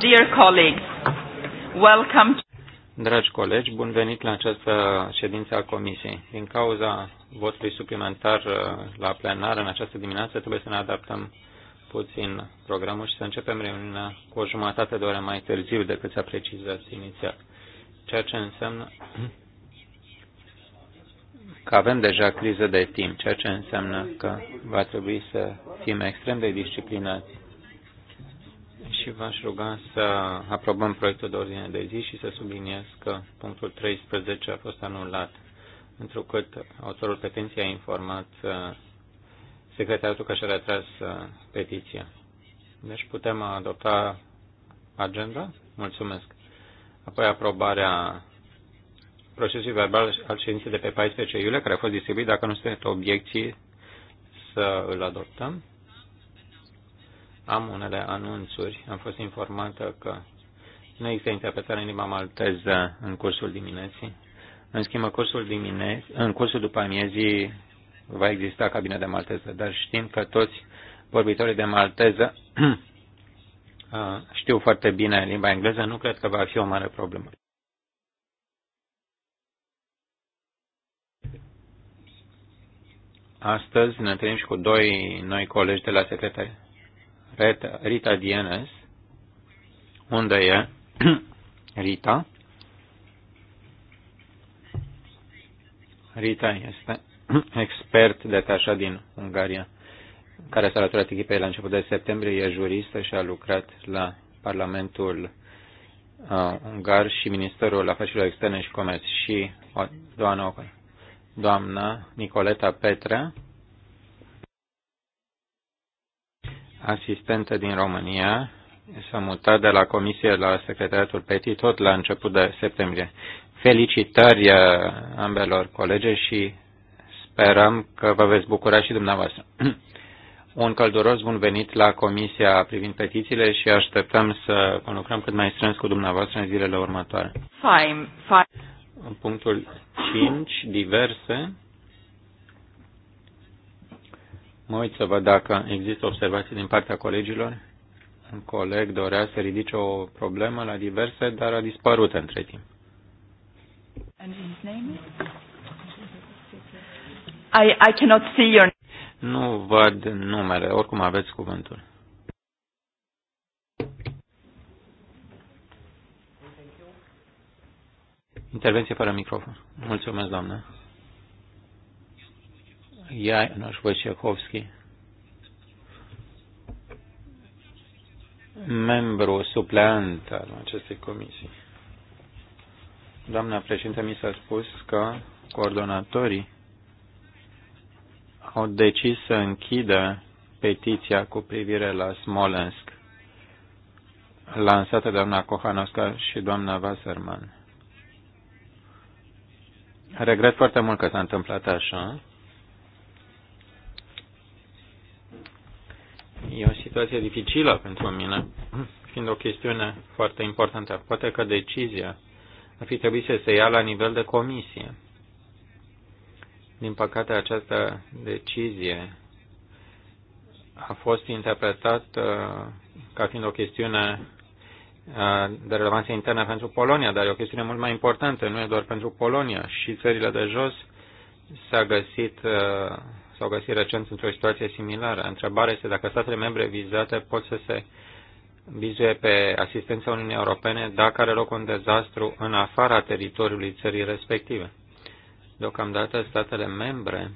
Dear colleagues, welcome to Dragi colegi, bun venit la această ședință a Comisiei. Din cauza votului suplimentar uh, la plenar în această dimineață, trebuie să ne adaptăm puțin programul și să începem reuniunea cu o jumătate de oră mai târziu decât s-a precizat inițial. Ceea ce înseamnă că avem deja criză de timp, ceea ce înseamnă că va trebui să fim extrem de disciplinați și v-aș ruga să aprobăm proiectul de ordine de zi și să subliniez că punctul 13 a fost anulat, întrucât autorul petenției a informat uh, secretariatul că și-a retras uh, petiția. Deci putem adopta agenda? Mulțumesc. Apoi aprobarea procesului verbal al ședinței de pe 14 iulie, care a fost distribuit. Dacă nu sunt obiecții, să îl adoptăm. Am unele anunțuri. Am fost informată că nu există interpretare în limba malteză în cursul dimineții. În schimb, cursul diminezi, în cursul după amiezii va exista cabină de malteză, dar știm că toți vorbitorii de malteză știu foarte bine limba engleză, nu cred că va fi o mare problemă. Astăzi ne întâlnim și cu doi noi colegi de la secretariat. Rita, Rita Dienes. Unde e Rita? Rita este expert detașat din Ungaria, care s-a alăturat echipei la început de septembrie, e juristă și a lucrat la Parlamentul uh, Ungar și Ministerul Afacerilor Externe și Comerț și o, doamna, doamna Nicoleta Petra, asistentă din România s-a mutat de la Comisie la Secretariatul Petit tot la început de septembrie. Felicitări uh, ambelor colege și sperăm că vă veți bucura și dumneavoastră. Un călduros bun venit la Comisia privind petițiile și așteptăm să conlucrăm cât mai strâns cu dumneavoastră în zilele următoare. Fine, fine. Punctul 5, diverse. Mă uit să văd dacă există observații din partea colegilor. Un coleg dorea să ridice o problemă la diverse, dar a dispărut între timp. I, I cannot see your... Nu văd numele, oricum aveți cuvântul. Intervenție fără microfon. Mulțumesc, doamnă. Janosz Wojciechowski, membru supleant al acestei comisii. Doamna președinte mi s-a spus că coordonatorii au decis să închidă petiția cu privire la Smolensk, lansată de doamna Kohanovska și doamna Wasserman. Regret foarte mult că s-a întâmplat așa. situație dificilă pentru mine, fiind o chestiune foarte importantă. Poate că decizia ar fi trebuit să se ia la nivel de comisie. Din păcate, această decizie a fost interpretată uh, ca fiind o chestiune uh, de relevanță internă pentru Polonia, dar e o chestiune mult mai importantă, nu e doar pentru Polonia. Și țările de jos s-a găsit uh, s-au găsit recent într-o situație similară. Întrebarea este dacă statele membre vizate pot să se vizuie pe asistența Uniunii Europene dacă are loc un dezastru în afara teritoriului țării respective. Deocamdată statele membre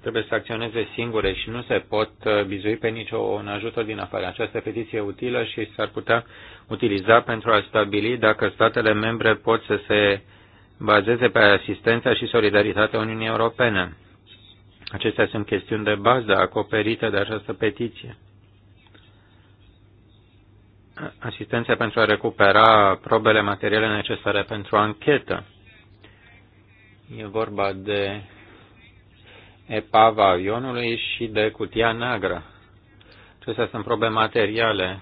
trebuie să acționeze singure și nu se pot bizui uh, pe un ajutor din afară. Această petiție e utilă și s-ar putea utiliza pentru a stabili dacă statele membre pot să se bazeze pe asistența și solidaritatea Uniunii Europene. Acestea sunt chestiuni de bază acoperite de această petiție. Asistența pentru a recupera probele materiale necesare pentru anchetă. E vorba de epava avionului și de cutia neagră. Acestea sunt probe materiale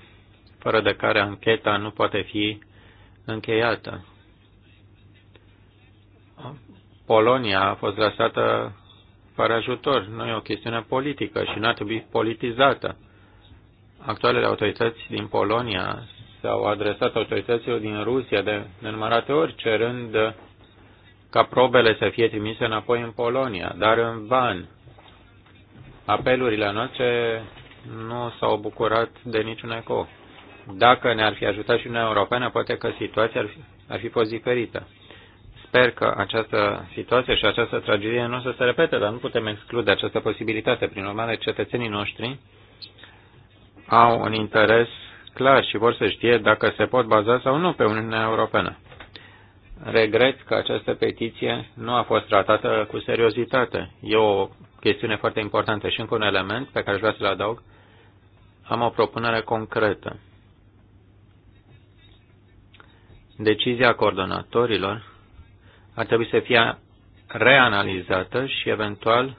fără de care ancheta nu poate fi încheiată. Polonia a fost lăsată fără ajutor. Nu e o chestiune politică și n-ar trebui politizată. Actualele autorități din Polonia s-au adresat autorităților din Rusia de nenumărate ori, cerând ca probele să fie trimise înapoi în Polonia, dar în van. Apelurile noastre nu s-au bucurat de niciun eco. Dacă ne-ar fi ajutat și Uniunea Europeană, poate că situația ar fi, ar fi fost diferită. Sper că această situație și această tragedie nu o să se repete, dar nu putem exclude această posibilitate. Prin urmare, cetățenii noștri au un interes clar și vor să știe dacă se pot baza sau nu pe Uniunea Europeană. Regret că această petiție nu a fost tratată cu seriozitate. E o chestiune foarte importantă și încă un element pe care aș vrea să-l adaug. Am o propunere concretă. Decizia coordonatorilor ar trebui să fie reanalizată și eventual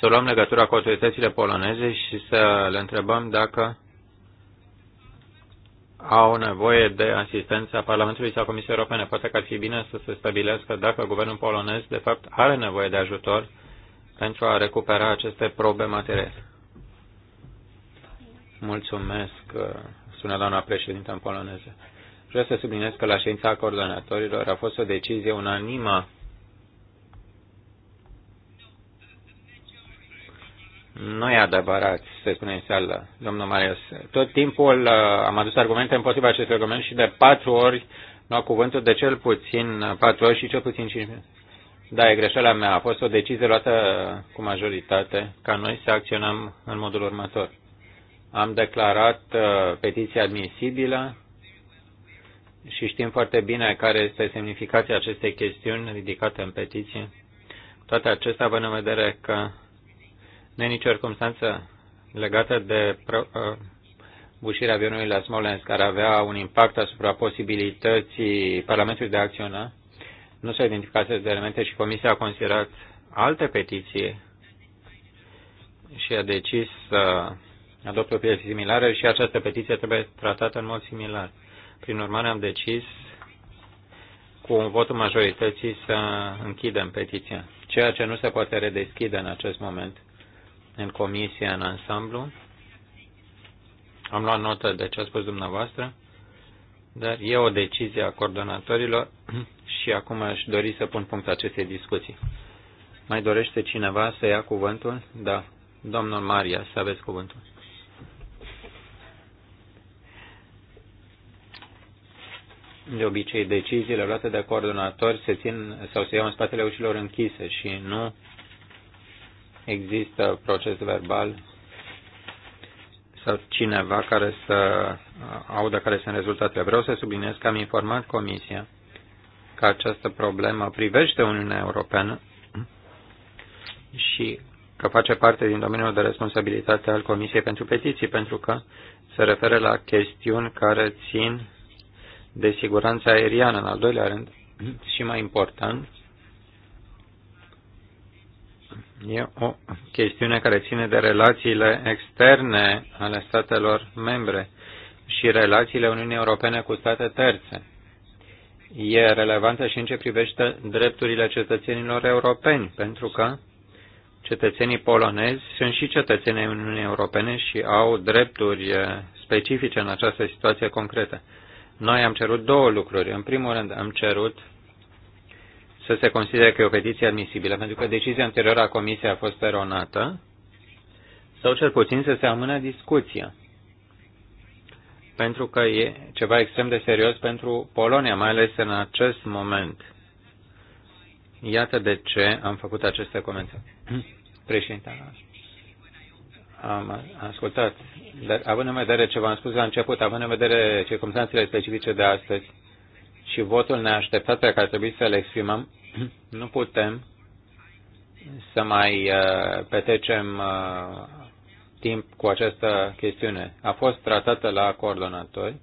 să luăm legătura cu autoritățile poloneze și să le întrebăm dacă au nevoie de asistența Parlamentului sau Comisiei Europene. Poate că ar fi bine să se stabilească dacă guvernul polonez, de fapt, are nevoie de ajutor pentru a recupera aceste probe materiale. Mulțumesc, sună doamna președintă în poloneză. Vreau să subliniez că la ședința coordonatorilor a fost o decizie unanimă Nu e adevărat, se spune în sală, domnul Marius. Tot timpul uh, am adus argumente împotriva acestui argument și de patru ori a cuvântul de cel puțin patru ori și cel puțin cinci minute. Da, e greșeala mea. A fost o decizie luată cu majoritate ca noi să acționăm în modul următor. Am declarat uh, petiția admisibilă și știm foarte bine care este semnificația acestei chestiuni ridicate în petiție. Toate acestea, având în vedere că nu e nicio circunstanță legată de uh, bușirea avionului la Smolensk, care avea un impact asupra posibilității Parlamentului de a acționa, nu s-au identificat aceste elemente și Comisia a considerat alte petiții și a decis să adopte o piață similară și această petiție trebuie tratată în mod similar. Prin urmare, am decis cu un votul majorității să închidem petiția, ceea ce nu se poate redeschide în acest moment în comisie, în ansamblu. Am luat notă de ce a spus dumneavoastră, dar e o decizie a coordonatorilor și acum aș dori să pun punct acestei discuții. Mai dorește cineva să ia cuvântul? Da. Domnul Maria, să aveți cuvântul. De obicei, deciziile luate de coordonatori se țin sau se iau în spatele ușilor închise și nu există proces verbal sau cineva care să audă care sunt rezultatele. Vreau să subliniez că am informat Comisia că această problemă privește Uniunea Europeană și că face parte din domeniul de responsabilitate al Comisiei pentru Petiții, pentru că se referă la chestiuni care țin de siguranță aeriană, în al doilea rând, și mai important, e o chestiune care ține de relațiile externe ale statelor membre și relațiile Uniunii Europene cu state terțe. E relevantă și în ce privește drepturile cetățenilor europeni, pentru că cetățenii polonezi sunt și cetățenii Uniunii Europene și au drepturi specifice în această situație concretă. Noi am cerut două lucruri. În primul rând, am cerut să se considere că e o petiție admisibilă, pentru că decizia anterioară a Comisiei a fost eronată, sau cel puțin să se amână discuția. Pentru că e ceva extrem de serios pentru Polonia, mai ales în acest moment. Iată de ce am făcut aceste comentarii. Președinte, am ascultat, dar având în vedere ce v-am spus la început, având în vedere circunstanțele specifice de astăzi și votul neașteptat pe care trebuie să le exprimăm, nu putem să mai uh, petrecem uh, timp cu această chestiune. A fost tratată la coordonatori.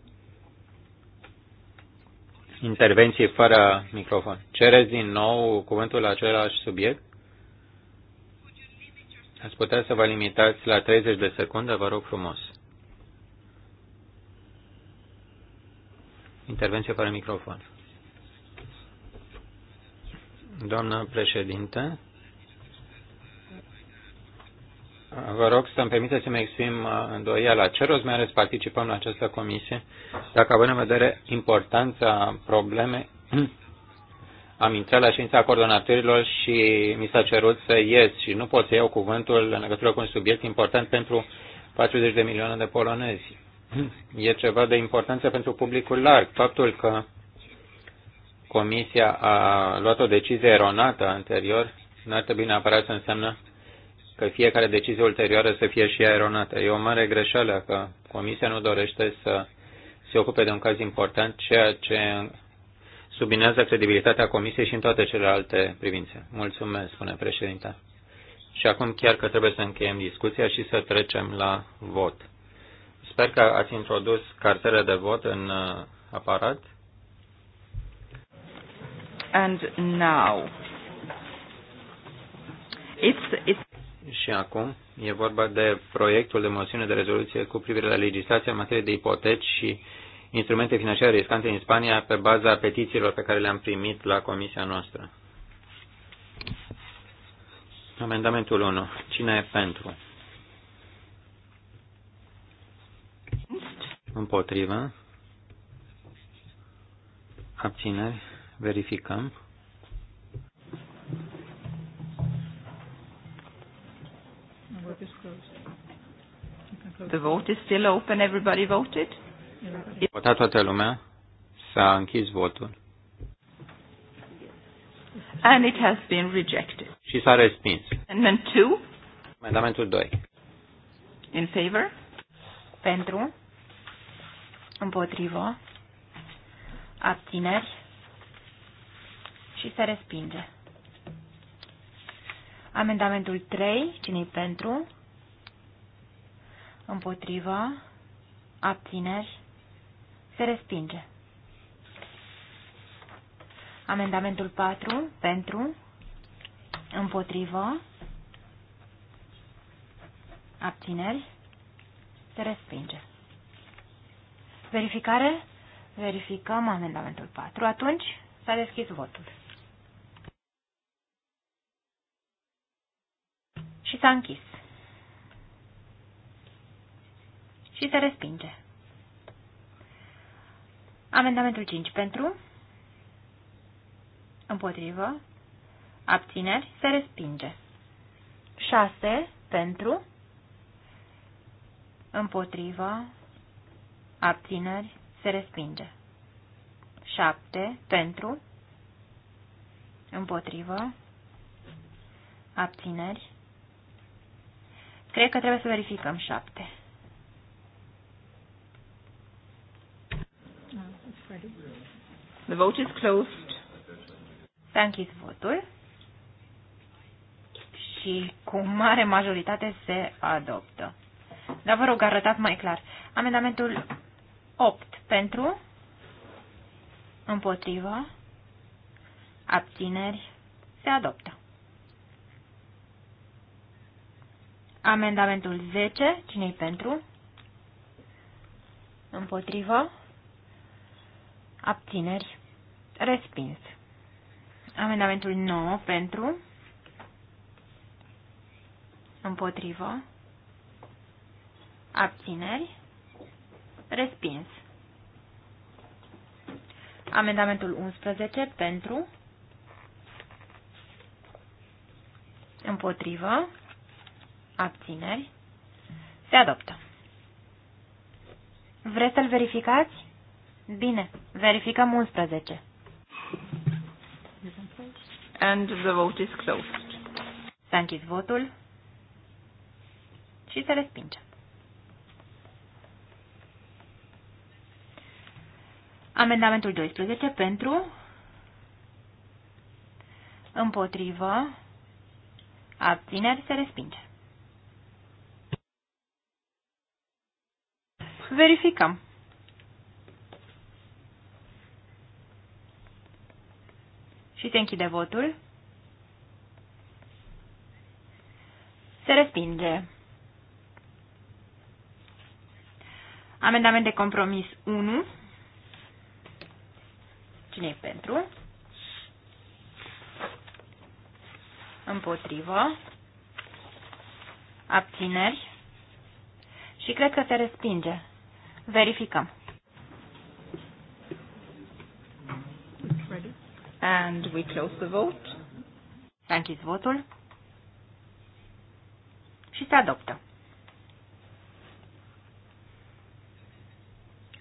Intervenții fără microfon. Cereți din nou cuvântul la același subiect? Ați putea să vă limitați la 30 de secunde, vă rog frumos. Intervenție fără microfon. Doamnă președinte, vă rog să-mi permite să-mi exprim îndoiala. Ce rost mai are să participăm la această comisie dacă avem în vedere importanța probleme am intrat la ședința coordonatorilor și mi s-a cerut să ies și nu pot să iau cuvântul în legătură cu un subiect important pentru 40 de milioane de polonezi. E ceva de importanță pentru publicul larg. Faptul că Comisia a luat o decizie eronată anterior n-ar trebui neapărat să înseamnă că fiecare decizie ulterioară să fie și ea eronată. E o mare greșeală că Comisia nu dorește să se ocupe de un caz important, ceea ce subminează credibilitatea Comisiei și în toate celelalte privințe. Mulțumesc, spune președinta. Și acum chiar că trebuie să încheiem discuția și să trecem la vot. Sper că ați introdus cartele de vot în uh, aparat. And now. It's, it's... Și acum e vorba de proiectul de moțiune de rezoluție cu privire la legislația în materie de ipoteci și uh, instrumente financiare riscante în Spania pe baza petițiilor pe care le-am primit la comisia noastră. Amendamentul 1. Cine e pentru? Împotrivă. Abțineri. Verificăm. The vote is still open. Everybody voted? Vota toată lumea? S-a închis votul. And it has been rejected. Și s-a respins. Amendment 2. Amendamentul 2. In favor? Pentru. Împotrivă. Abțineri. Și se respinge. Amendamentul 3. cine pentru? Împotrivă. Abțineri. Se respinge. Amendamentul 4 pentru, împotrivă, abțineri, se respinge. Verificare? Verificăm amendamentul 4. Atunci s-a deschis votul. Și s-a închis. Și se respinge. Amendamentul 5 pentru, împotrivă, abțineri, se respinge. 6 pentru, împotrivă, abțineri, se respinge. 7 pentru, împotrivă, abțineri. Cred că trebuie să verificăm 7. The vote is closed. Thank you, votul și cu mare majoritate se adoptă. Dar vă rog, arătați mai clar. Amendamentul 8 pentru, împotrivă, abțineri, se adoptă. Amendamentul 10, cine pentru? Împotrivă, abțineri, respins. Amendamentul 9 pentru, împotrivă, abțineri, respins. Amendamentul 11 pentru, împotrivă, abțineri, se adoptă. Vreți să-l verificați? Bine, verificăm 11. And the vote is closed. S-a închis votul și se respinge. Amendamentul 12 pentru, împotrivă, abțineri se respinge. Verificăm. Și se închide votul. Se respinge. Amendament de compromis 1. Cine e pentru? Împotrivă. Abțineri. Și cred că se respinge. Verificăm. And we close the vote. S-a votul și se adoptă.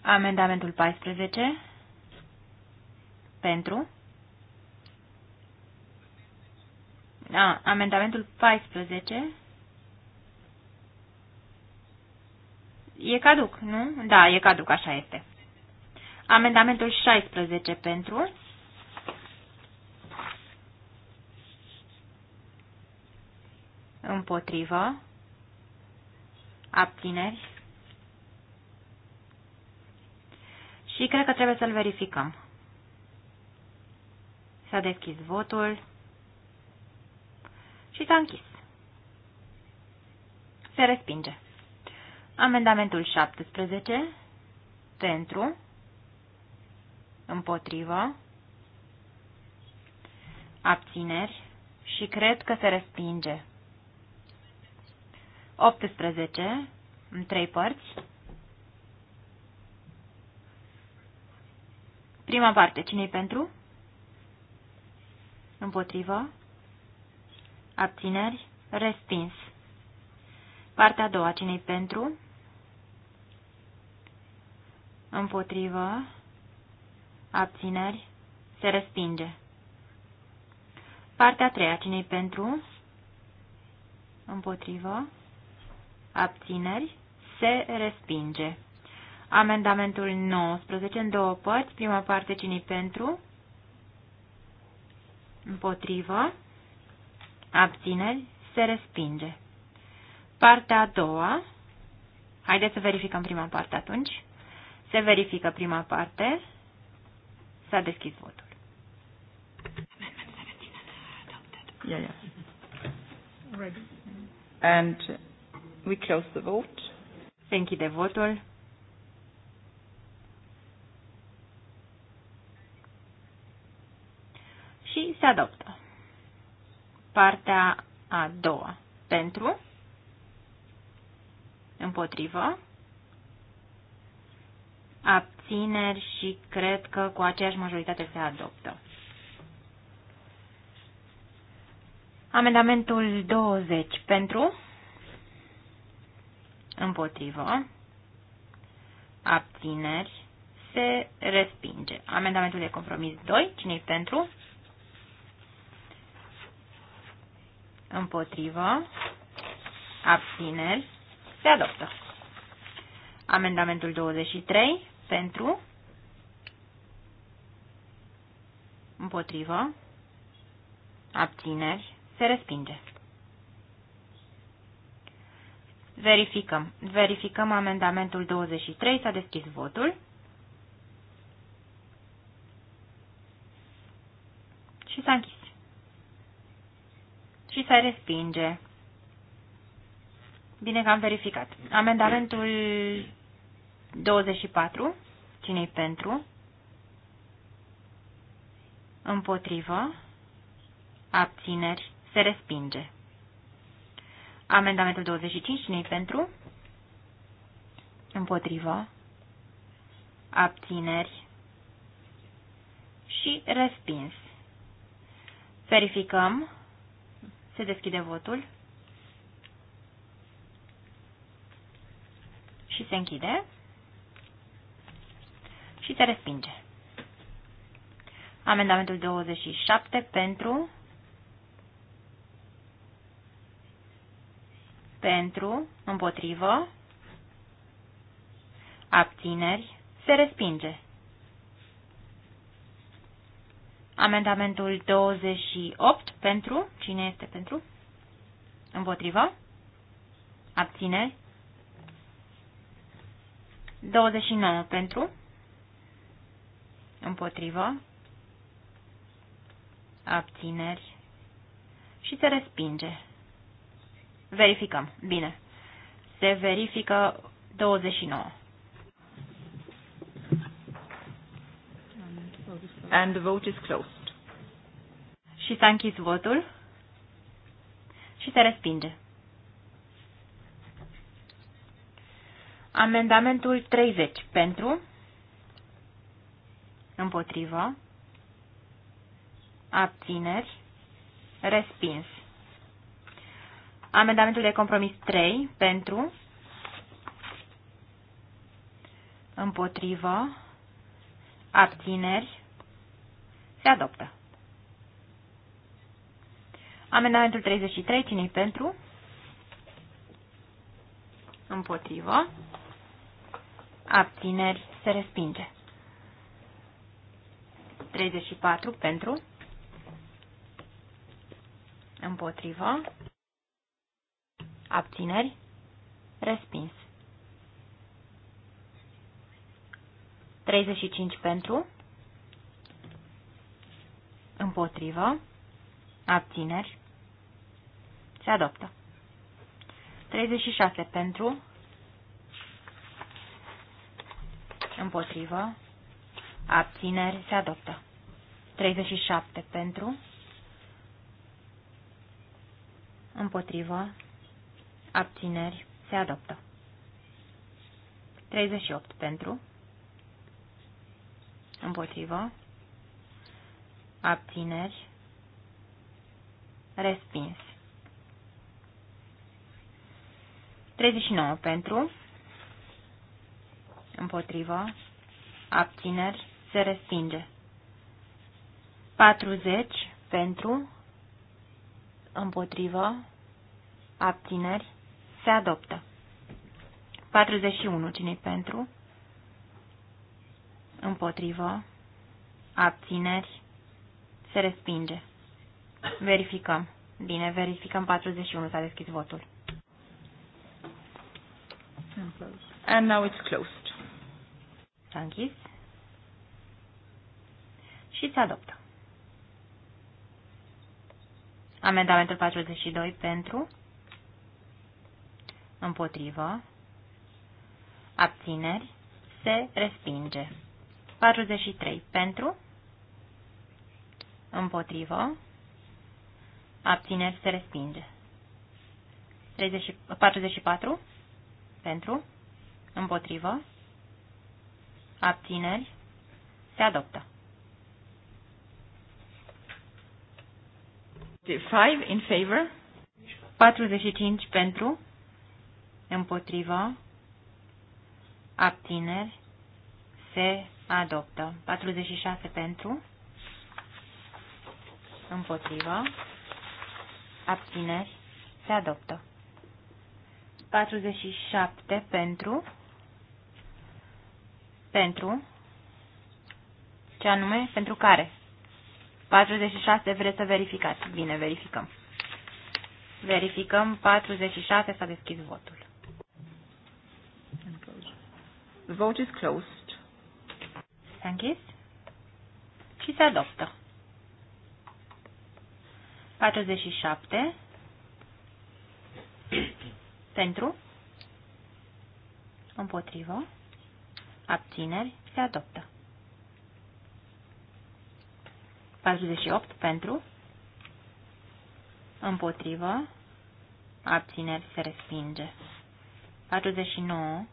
Amendamentul 14 pentru A, amendamentul 14 e caduc, nu? Da, e caduc, așa este. Amendamentul 16 pentru împotrivă, abțineri și cred că trebuie să-l verificăm. S-a deschis votul și s-a închis. Se respinge. Amendamentul 17 pentru, împotrivă, abțineri și cred că se respinge. 18 în trei părți. Prima parte, cine-i pentru? Împotrivă. Abțineri. Respins. Partea a doua, cine-i pentru? Împotrivă. Abțineri. Se respinge. Partea a treia, cine-i pentru? Împotrivă abțineri, se respinge. Amendamentul 19 în două părți, prima parte cine pentru, împotrivă, abțineri, se respinge. Partea a doua, haideți să verificăm prima parte atunci, se verifică prima parte, s-a deschis votul. Yeah, yeah. Ready. And We close the vote. Se închide votul. Și se adoptă. Partea a doua. Pentru. Împotrivă. Abțineri și cred că cu aceeași majoritate se adoptă. Amendamentul 20 pentru, Împotrivă. Abțineri. Se respinge. Amendamentul de compromis 2. Cine-i pentru? Împotrivă. Abțineri. Se adoptă. Amendamentul 23. Pentru. Împotrivă. Abțineri. Se respinge. Verificăm. Verificăm amendamentul 23. S-a deschis votul. Și s-a închis. Și se respinge. Bine că am verificat. Amendamentul 24. Cine-i pentru? Împotrivă. Abțineri. Se respinge. Amendamentul 25, cine pentru? Împotrivă. Abțineri. Și respins. Verificăm. Se deschide votul. Și se închide. Și se respinge. Amendamentul 27 pentru pentru, împotrivă, abțineri, se respinge. Amendamentul 28 pentru, cine este pentru? Împotrivă, abțineri, 29 pentru, împotrivă, abțineri și se respinge. Verificăm. Bine. Se verifică 29. And the vote is closed. Și s-a închis votul și se respinge. Amendamentul 30 pentru, împotrivă, abțineri, respins. Amendamentul de compromis 3 pentru, împotrivă, abțineri, se adoptă. Amendamentul 33, cine pentru? Împotrivă. Abțineri, se respinge. 34, pentru? Împotrivă. Abțineri? Respins. 35 pentru. Împotrivă. Abțineri. Se adoptă. 36 pentru. Împotrivă. Abțineri. Se adoptă. 37 pentru. Împotrivă abțineri, se adoptă. 38 pentru, împotrivă, abțineri, respins. 39 pentru, împotrivă, abțineri, se respinge. 40 pentru, împotrivă, abțineri, se adoptă. 41. cine pentru? Împotrivă. Abțineri. Se respinge. Verificăm. Bine, verificăm 41. S-a deschis votul. And now it's closed. S-a închis. Și se adoptă. Amendamentul 42 pentru împotrivă, abțineri, se respinge. 43. Pentru, împotrivă, abțineri, se respinge. 44. Pentru, împotrivă, abțineri, se adoptă. Five in favor. 45 pentru, împotrivă, abțineri, se adoptă. 46 pentru, împotrivă, abțineri, se adoptă. 47 pentru, pentru, ce anume, pentru care? 46 vreți să verificați. Bine, verificăm. Verificăm 46, s-a deschis votul. The vote is closed. S-a închis și se adoptă. 47 pentru împotrivă abțineri se adoptă. 48 pentru împotrivă abțineri se respinge. 49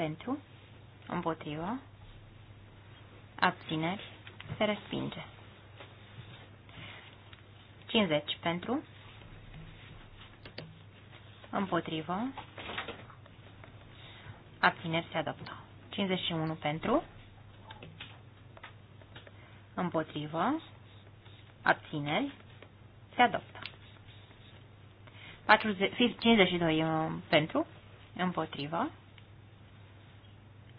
pentru, împotriva, abțineri, se respinge. 50 pentru, împotriva, abțineri se adoptă. 51 pentru, împotriva, abțineri, se adoptă. 40, 52 uh, pentru, împotriva.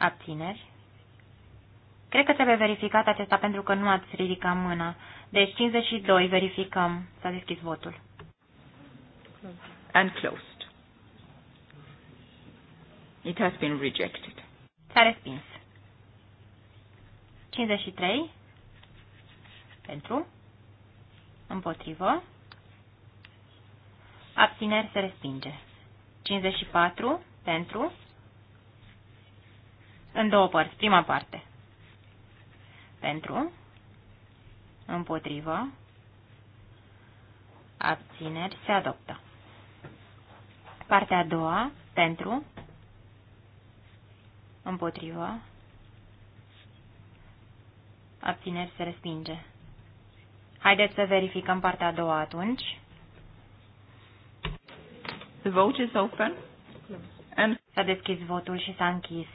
Abțineri. Cred că trebuie verificat acesta pentru că nu ați ridicat mâna. Deci 52 verificăm. S-a deschis votul. And closed. It has been rejected. S-a respins. 53 pentru, împotrivă, abțineri se respinge. 54 pentru, în două părți. Prima parte. Pentru, împotrivă, abțineri, se adoptă. Partea a doua, pentru, împotrivă, abțineri, se respinge. Haideți să verificăm partea a doua atunci. The vote is open. S-a deschis votul și s-a închis.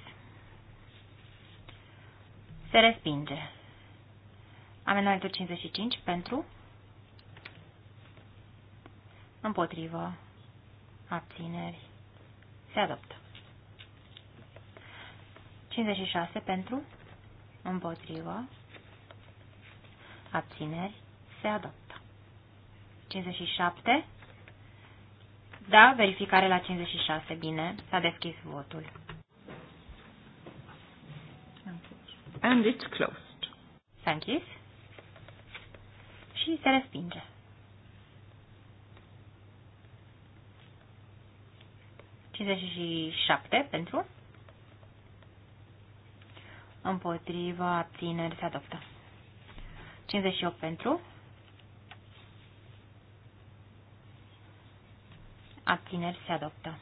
Se respinge. Amendamentul 55 pentru. Împotrivă. Abțineri. Se adoptă. 56 pentru. Împotrivă. Abțineri. Se adoptă. 57. Da, verificare la 56. Bine, s-a deschis votul. and it's closed. Thank you. și se respinge. Cincizeci șapte pentru. Împotriva abțineri se adoptă. 58 pentru. Abțineri se adoptă.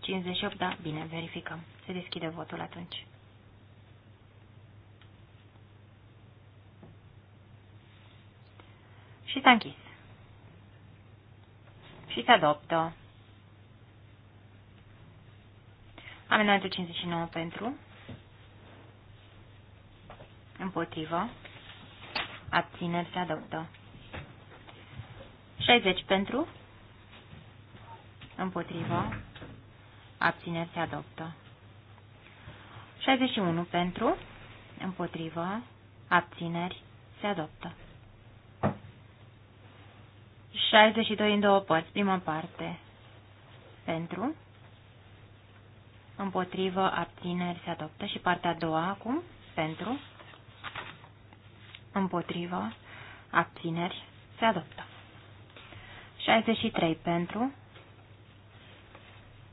58, da, bine, verificăm. Se deschide votul atunci. Și s-a închis. Și se adoptă. Amendamentul 59 pentru. Împotrivă. Abțineri se adoptă. 60 pentru. Împotrivă. Abțineri se adoptă. 61 pentru. Împotrivă. Abțineri se adoptă. 62 în două părți. Prima parte. Pentru. Împotrivă, abțineri, se adoptă. Și partea a doua acum. Pentru. Împotrivă, abțineri, se adoptă. 63 pentru.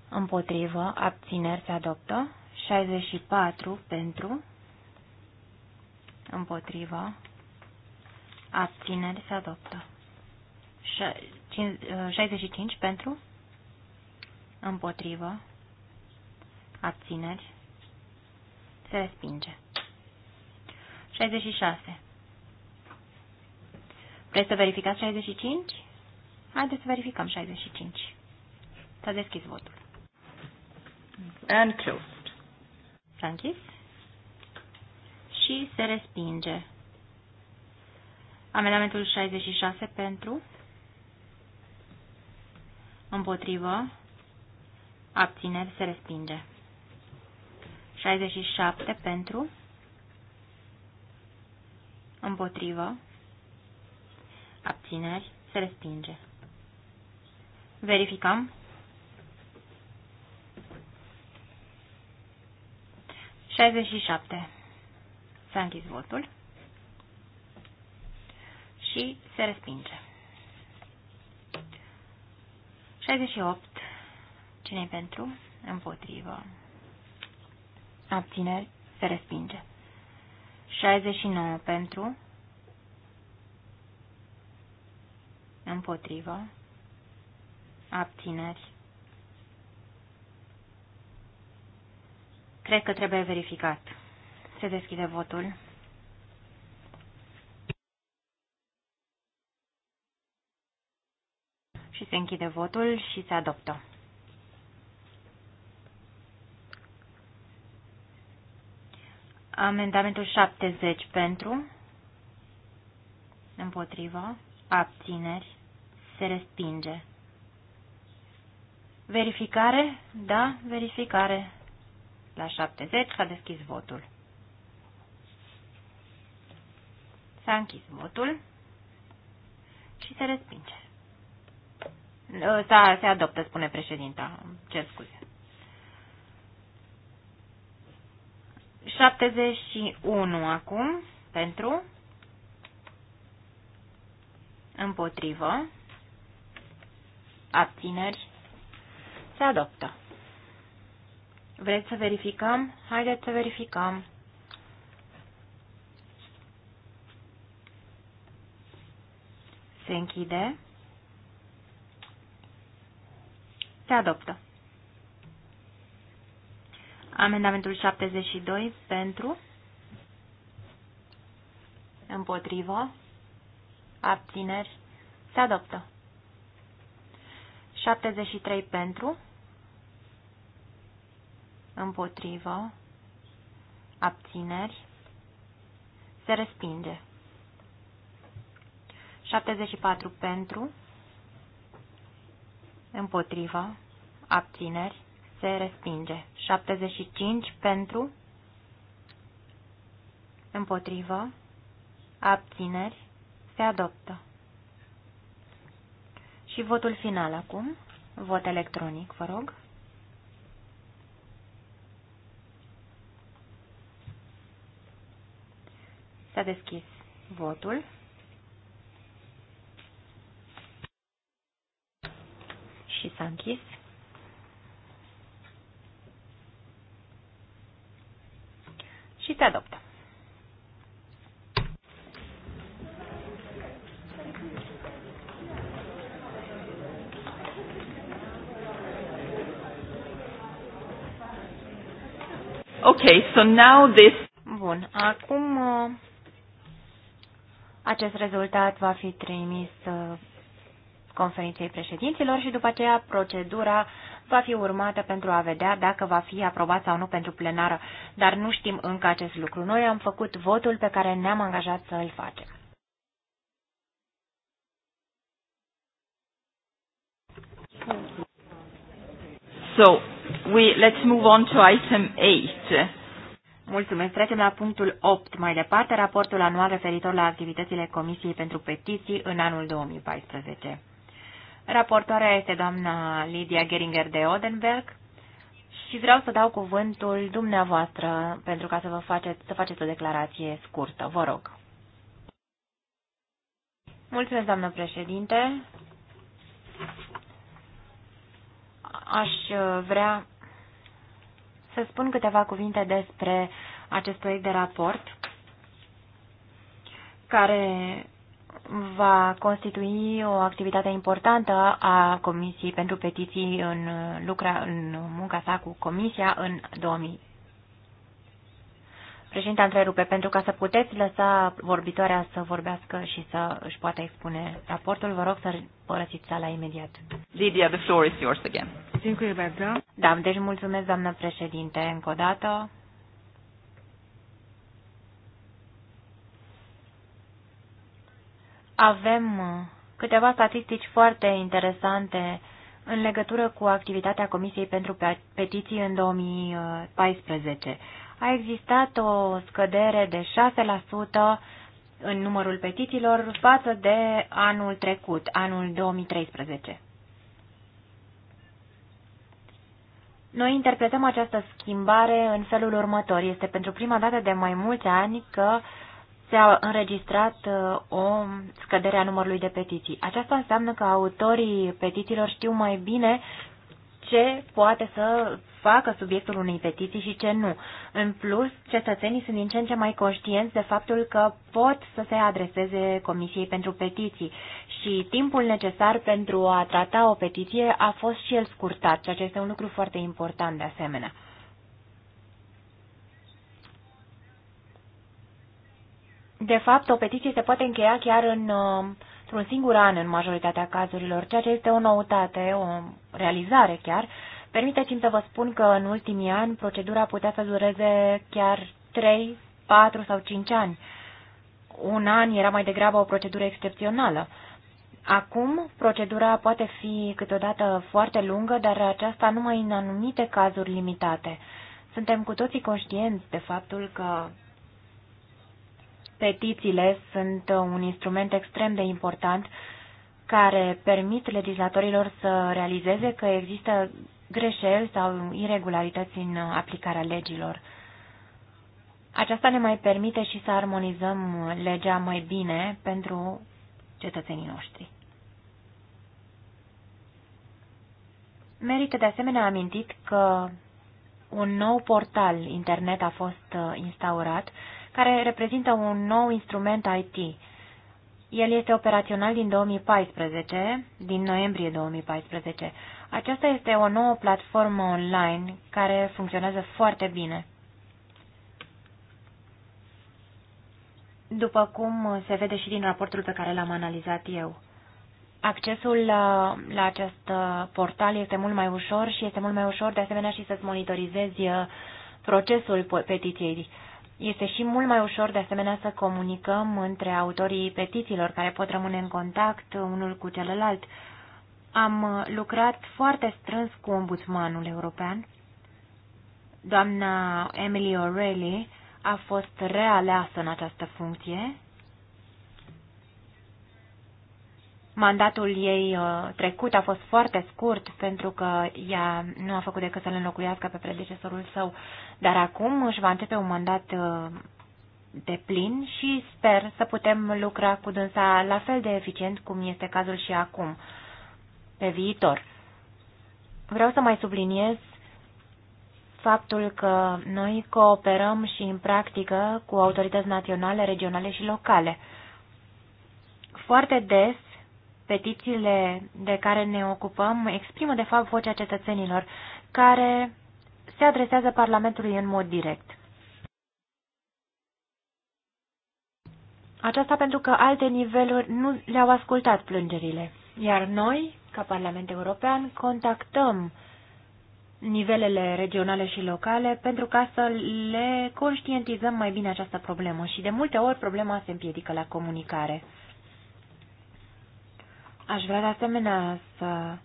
Împotrivă, abțineri, se adoptă. 64 pentru. Împotrivă, abțineri, se adoptă. 65 pentru, împotrivă, abțineri, se respinge. 66. Vreți să verificați 65? Haideți să verificăm 65. S-a deschis votul. And closed. S-a închis. Și se respinge. Amendamentul 66 pentru, împotrivă, abțineri se respinge. 67 pentru, împotrivă, abțineri se respinge. Verificăm. Șaizeci șapte. S-a închis votul și se respinge. 68. cine pentru? Împotrivă. Abțineri. Se respinge. 69. Pentru. Împotrivă. Abțineri. Cred că trebuie verificat. Se deschide votul. Și se închide votul și se adoptă. Amendamentul 70 pentru, împotriva, abțineri, se respinge. Verificare? Da, verificare. La 70 s-a deschis votul. S-a închis votul și se respinge. Uh, S-a, se adoptă, spune președinta. Cer scuze. 71 acum, pentru, împotrivă, abțineri, se adoptă. Vreți să verificăm? Haideți să verificăm. Se închide. Se adoptă. Amendamentul 72 pentru, împotrivă, abțineri, se adoptă. 73 pentru, împotrivă, abțineri, se respinge. 74 pentru, împotriva, abțineri, se respinge. 75 pentru, împotrivă, abțineri, se adoptă. Și votul final acum, vot electronic, vă rog. S-a deschis votul. și s-a închis. Și te adoptă. Okay, so now this... Bun, acum uh, acest rezultat va fi trimis uh, conferinței președinților și după aceea procedura va fi urmată pentru a vedea dacă va fi aprobat sau nu pentru plenară, dar nu știm încă acest lucru. Noi am făcut votul pe care ne-am angajat să îl facem. So, we, let's move on to item 8. Mulțumesc. Trecem la punctul 8. Mai departe, raportul anual referitor la activitățile Comisiei pentru Petiții în anul 2014. Raportoarea este doamna Lidia Geringer de Odenberg și vreau să dau cuvântul dumneavoastră pentru ca să vă faceți, să faceți o declarație scurtă. Vă rog. Mulțumesc, doamnă președinte. Aș vrea să spun câteva cuvinte despre acest proiect de raport care va constitui o activitate importantă a Comisiei pentru Petiții în, lucra, în munca sa cu Comisia în 2000. Președinte, întrerupe, pentru ca să puteți lăsa vorbitoarea să vorbească și să își poată expune raportul, vă rog să părăsiți sala imediat. Lydia, the floor is yours again. Da, deci mulțumesc, doamnă președinte, încă o dată. avem uh, câteva statistici foarte interesante în legătură cu activitatea Comisiei pentru Petiții în 2014. A existat o scădere de 6% în numărul petițiilor față de anul trecut, anul 2013. Noi interpretăm această schimbare în felul următor. Este pentru prima dată de mai mulți ani că uh, s-a înregistrat uh, o scădere a numărului de petiții. Aceasta înseamnă că autorii petițiilor știu mai bine ce poate să facă subiectul unei petiții și ce nu. În plus, cetățenii sunt din ce în ce mai conștienți de faptul că pot să se adreseze Comisiei pentru Petiții și timpul necesar pentru a trata o petiție a fost și el scurtat, ceea ce este un lucru foarte important de asemenea. De fapt, o petiție se poate încheia chiar în, uh, într-un singur an în majoritatea cazurilor, ceea ce este o noutate, o realizare chiar. Permiteți-mi să vă spun că în ultimii ani procedura putea să dureze chiar 3, 4 sau 5 ani. Un an era mai degrabă o procedură excepțională. Acum, procedura poate fi câteodată foarte lungă, dar aceasta numai în anumite cazuri limitate. Suntem cu toții conștienți de faptul că Petițiile sunt uh, un instrument extrem de important care permit legislatorilor să realizeze că există greșeli sau irregularități în uh, aplicarea legilor. Aceasta ne mai permite și să armonizăm uh, legea mai bine pentru cetățenii noștri. Merită de asemenea amintit că un nou portal internet a fost instaurat care reprezintă un nou instrument IT. El este operațional din 2014, din noiembrie 2014. Aceasta este o nouă platformă online care funcționează foarte bine. După cum se vede și din raportul pe care l-am analizat eu. Accesul la, uh, la acest uh, portal este mult mai ușor și este mult mai ușor de asemenea și să-ți monitorizezi uh, procesul petiției este și mult mai ușor, de asemenea, să comunicăm între autorii petițiilor care pot rămâne în contact unul cu celălalt. Am lucrat foarte strâns cu ombudsmanul european. Doamna Emily O'Reilly a fost realeasă în această funcție Mandatul ei uh, trecut a fost foarte scurt pentru că ea nu a făcut decât să-l înlocuiască pe predecesorul său, dar acum își va începe un mandat uh, de plin și sper să putem lucra cu dânsa la fel de eficient cum este cazul și acum, pe viitor. Vreau să mai subliniez faptul că noi cooperăm și în practică cu autorități naționale, regionale și locale. Foarte des Petițiile de care ne ocupăm exprimă, de fapt, vocea cetățenilor, care se adresează Parlamentului în mod direct. Aceasta pentru că alte niveluri nu le-au ascultat plângerile, iar noi, ca Parlament European, contactăm nivelele regionale și locale pentru ca să le conștientizăm mai bine această problemă și de multe ori problema se împiedică la comunicare. Aș vrea de asemenea să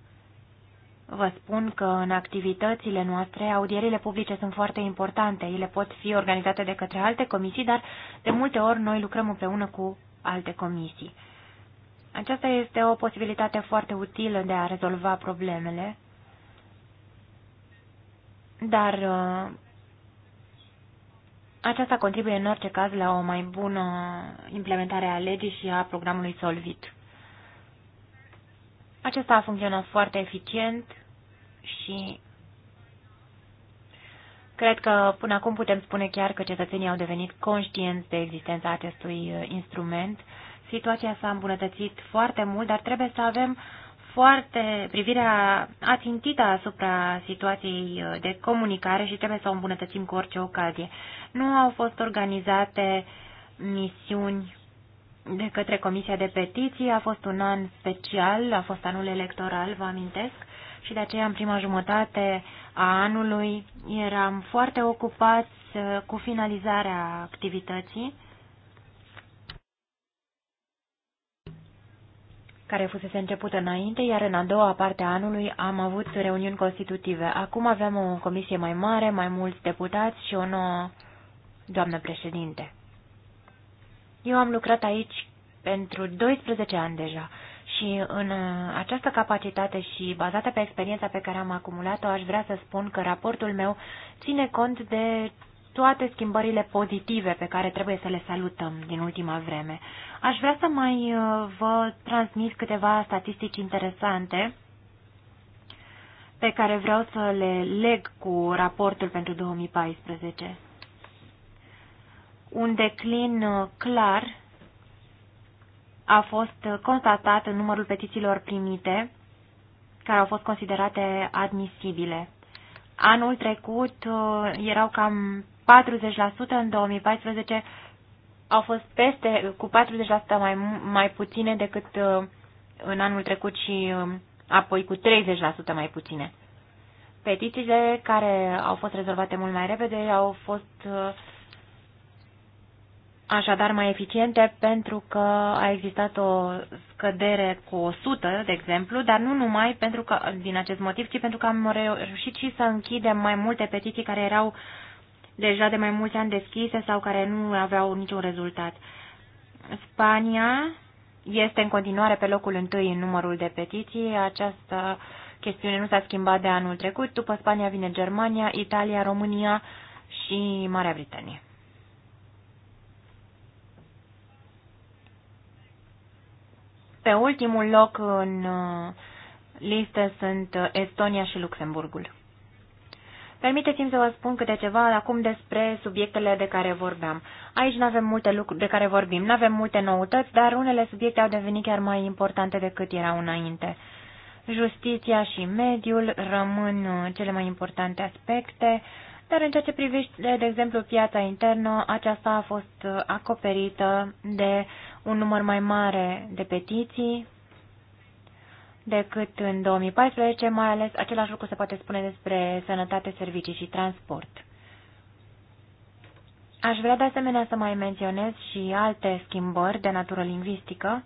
vă spun că în activitățile noastre audierile publice sunt foarte importante. Ele pot fi organizate de către alte comisii, dar de multe ori noi lucrăm împreună cu alte comisii. Aceasta este o posibilitate foarte utilă de a rezolva problemele, dar uh, aceasta contribuie în orice caz la o mai bună implementare a legii și a programului Solvit. Acesta a funcționat foarte eficient și cred că până acum putem spune chiar că cetățenii au devenit conștienți de existența acestui uh, instrument. Situația s-a îmbunătățit foarte mult, dar trebuie să avem foarte privirea ațintită asupra situației uh, de comunicare și trebuie să o îmbunătățim cu orice ocazie. Nu au fost organizate misiuni de către Comisia de Petiții. A fost un an special, a fost anul electoral, vă amintesc, și de aceea în prima jumătate a anului eram foarte ocupați uh, cu finalizarea activității care fusese început înainte, iar în a doua parte a anului am avut reuniuni constitutive. Acum avem o comisie mai mare, mai mulți deputați și o nouă doamnă președinte. Eu am lucrat aici pentru 12 ani deja și în uh, această capacitate și bazată pe experiența pe care am acumulat-o, aș vrea să spun că raportul meu ține cont de toate schimbările pozitive pe care trebuie să le salutăm din ultima vreme. Aș vrea să mai uh, vă transmit câteva statistici interesante pe care vreau să le leg cu raportul pentru 2014. Un declin uh, clar a fost uh, constatat în numărul petițiilor primite, care au fost considerate admisibile. Anul trecut uh, erau cam 40%, în 2014 au fost peste cu 40% mai, mai puține decât în anul trecut și um, apoi cu 30% mai puține. Petițiile care au fost rezolvate mult mai repede au fost așadar mai eficiente pentru că a existat o scădere cu 100, de exemplu, dar nu numai pentru că, din acest motiv, ci pentru că am reușit și să închidem mai multe petiții care erau deja de mai mulți ani deschise sau care nu aveau niciun rezultat. Spania este în continuare pe locul întâi în numărul de petiții. Această chestiune nu s-a schimbat de anul trecut. După Spania vine Germania, Italia, România și Marea Britanie. Pe ultimul loc în uh, listă sunt uh, Estonia și Luxemburgul. Permiteți-mi să vă spun câte ceva acum despre subiectele de care vorbeam. Aici nu avem multe lucruri de care vorbim, nu avem multe noutăți, dar unele subiecte au devenit chiar mai importante decât erau înainte. Justiția și mediul rămân uh, cele mai importante aspecte. Uh, dar în ceea ce privește, de exemplu, piața internă, aceasta a fost acoperită de un număr mai mare de petiții decât în 2014, mai ales același lucru se poate spune despre sănătate, servicii și transport. Aș vrea de asemenea să mai menționez și alte schimbări de natură lingvistică,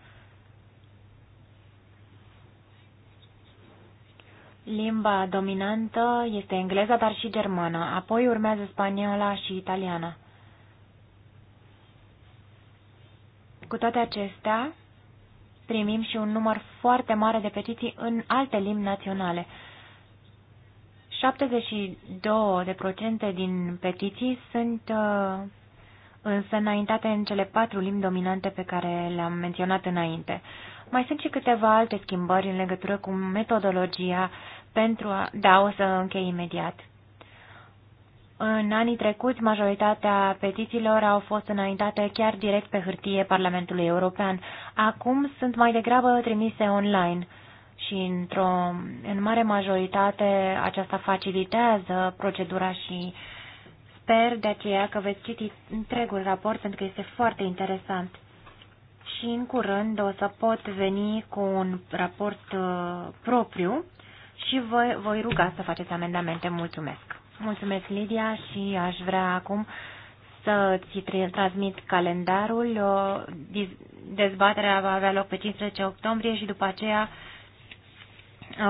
Limba dominantă este engleza, dar și germana. Apoi urmează spaniola și italiana. Cu toate acestea, primim și un număr foarte mare de petiții în alte limbi naționale. 72% din petiții sunt uh, însă înaintate în cele patru limbi dominante pe care le-am menționat înainte. Mai sunt și câteva alte schimbări în legătură cu metodologia pentru a... Da, o să închei imediat. În anii trecuți, majoritatea petițiilor au fost înaintate chiar direct pe hârtie Parlamentului European. Acum sunt mai degrabă trimise online și într-o în mare majoritate aceasta facilitează procedura și sper de aceea că veți citi întregul raport pentru că este foarte interesant și în curând o să pot veni cu un raport uh, propriu și vă voi ruga să faceți amendamente. Mulțumesc! Mulțumesc, Lidia, și aș vrea acum să ți transmit calendarul. Uh, dezbaterea va avea loc pe 15 octombrie și după aceea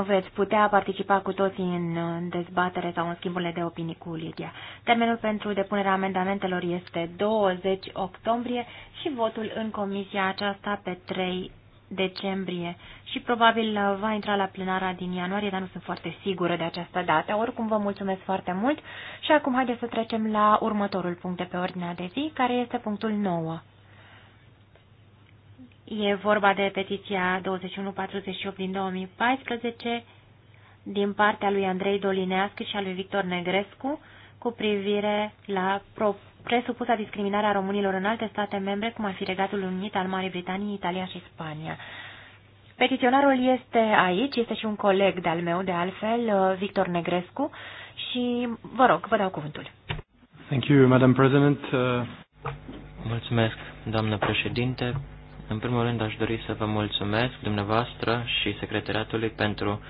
veți putea participa cu toții în dezbatere sau în schimburile de opinii cu Lidia. Termenul pentru depunerea amendamentelor este 20 octombrie și votul în comisia aceasta pe 3 decembrie și probabil va intra la plenara din ianuarie, dar nu sunt foarte sigură de această dată. Oricum vă mulțumesc foarte mult și acum haideți să trecem la următorul punct de pe ordinea de zi, care este punctul 9. E vorba de petiția 2148 din 2014 din partea lui Andrei Dolineascu și a lui Victor Negrescu cu privire la presupusa discriminarea românilor în alte state membre, cum ar fi Regatul Unit al Marii Britanii, Italia și Spania. Petiționarul este aici, este și un coleg de-al meu, de altfel, Victor Negrescu, și vă rog, vă dau cuvântul. Thank you, Madam President. Uh... Mulțumesc, doamnă președinte. În primul rând aș dori să vă mulțumesc dumneavoastră și secretariatului pentru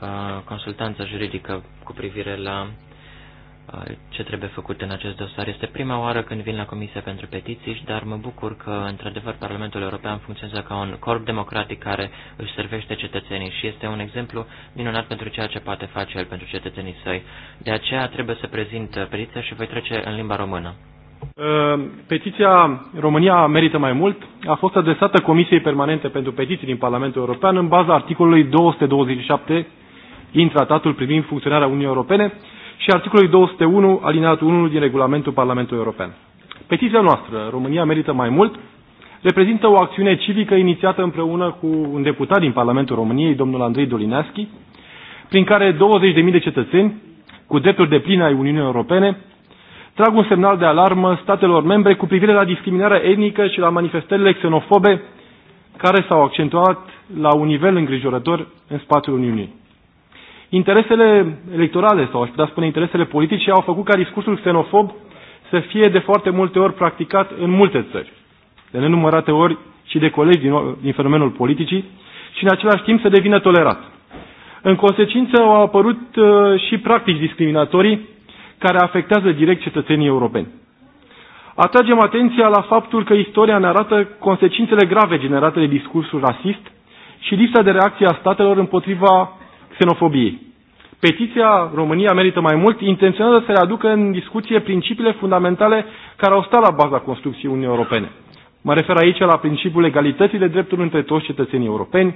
uh, consultanța juridică cu privire la uh, ce trebuie făcut în acest dosar. Este prima oară când vin la Comisia pentru Petiții, dar mă bucur că, într-adevăr, Parlamentul European funcționează ca un corp democratic care își servește cetățenii și este un exemplu minunat pentru ceea ce poate face el pentru cetățenii săi. De aceea trebuie să prezint petiția și voi trece în limba română. Ehm, petiția România merită mai mult a fost adresată Comisiei Permanente pentru Petiții din Parlamentul European în baza articolului 227 din Tratatul privind funcționarea Uniunii Europene și articolului 201 alineatul 1 din Regulamentul Parlamentului European. Petiția noastră, România merită mai mult, reprezintă o acțiune civică inițiată împreună cu un deputat din Parlamentul României, domnul Andrei Dolineschi, prin care 20.000 de cetățeni cu drepturi de pline ai Uniunii Europene trag un semnal de alarmă statelor membre cu privire la discriminarea etnică și la manifestările xenofobe care s-au accentuat la un nivel îngrijorător în spațiul Uniunii. Interesele electorale, sau aș putea spune interesele politice, au făcut ca discursul xenofob să fie de foarte multe ori practicat în multe țări, de nenumărate ori și de colegi din, din fenomenul politicii, și în același timp să devină tolerat. În consecință au apărut uh, și practici discriminatorii care afectează direct cetățenii europeni. Atragem atenția la faptul că istoria ne arată consecințele grave generate de discursul rasist și lipsa de reacție a statelor împotriva xenofobiei. Petiția România merită mai mult intenționează să readucă în discuție principiile fundamentale care au stat la baza construcției Uniunii Europene. Mă refer aici la principiul egalității de drepturi între toți cetățenii europeni,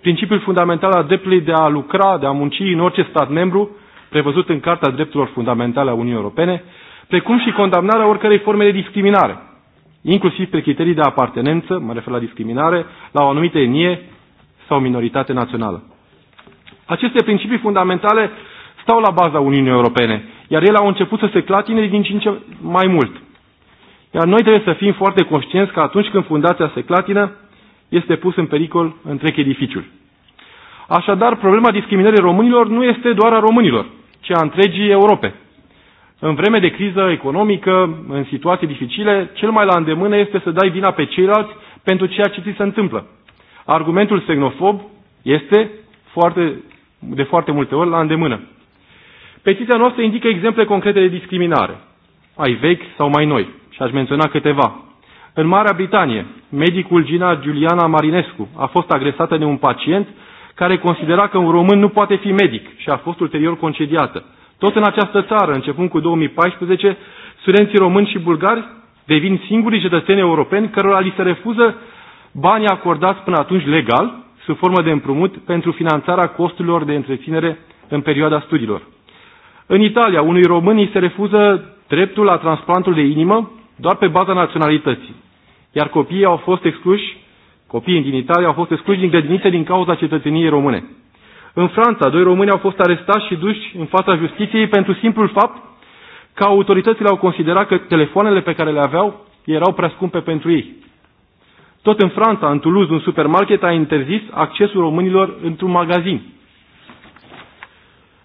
principiul fundamental al dreptului de a lucra, de a munci în orice stat membru, prevăzut în Carta Drepturilor Fundamentale a Uniunii Europene, precum și condamnarea oricărei forme de discriminare, inclusiv pe criterii de apartenență, mă refer la discriminare, la o anumită etnie sau minoritate națională. Aceste principii fundamentale stau la baza Uniunii Europene, iar ele au început să se clatine din ce în ce mai mult. Iar noi trebuie să fim foarte conștienți că atunci când fundația se clatină, este pus în pericol întreg edificiul. Așadar, problema discriminării românilor nu este doar a românilor, ci a întregii Europe. În vreme de criză economică, în situații dificile, cel mai la îndemână este să dai vina pe ceilalți pentru ceea ce ți se întâmplă. Argumentul xenofob este foarte, de foarte multe ori la îndemână. Petiția noastră indică exemple concrete de discriminare, ai vechi sau mai noi, și aș menționa câteva. În Marea Britanie, medicul Gina Giuliana Marinescu a fost agresată de un pacient care considera că un român nu poate fi medic și a fost ulterior concediată. Tot în această țară, începând cu 2014, studenții români și bulgari devin singurii cetățeni europeni cărora li se refuză banii acordați până atunci legal, sub formă de împrumut, pentru finanțarea costurilor de întreținere în perioada studiilor. În Italia, unui român îi se refuză dreptul la transplantul de inimă doar pe baza naționalității, iar copiii au fost excluși Copiii din Italia au fost excluși din grădinițe din cauza cetățeniei române. În Franța, doi români au fost arestați și duși în fața justiției pentru simplul fapt că autoritățile au considerat că telefoanele pe care le aveau erau prea scumpe pentru ei. Tot în Franța, în Toulouse, un supermarket a interzis accesul românilor într-un magazin.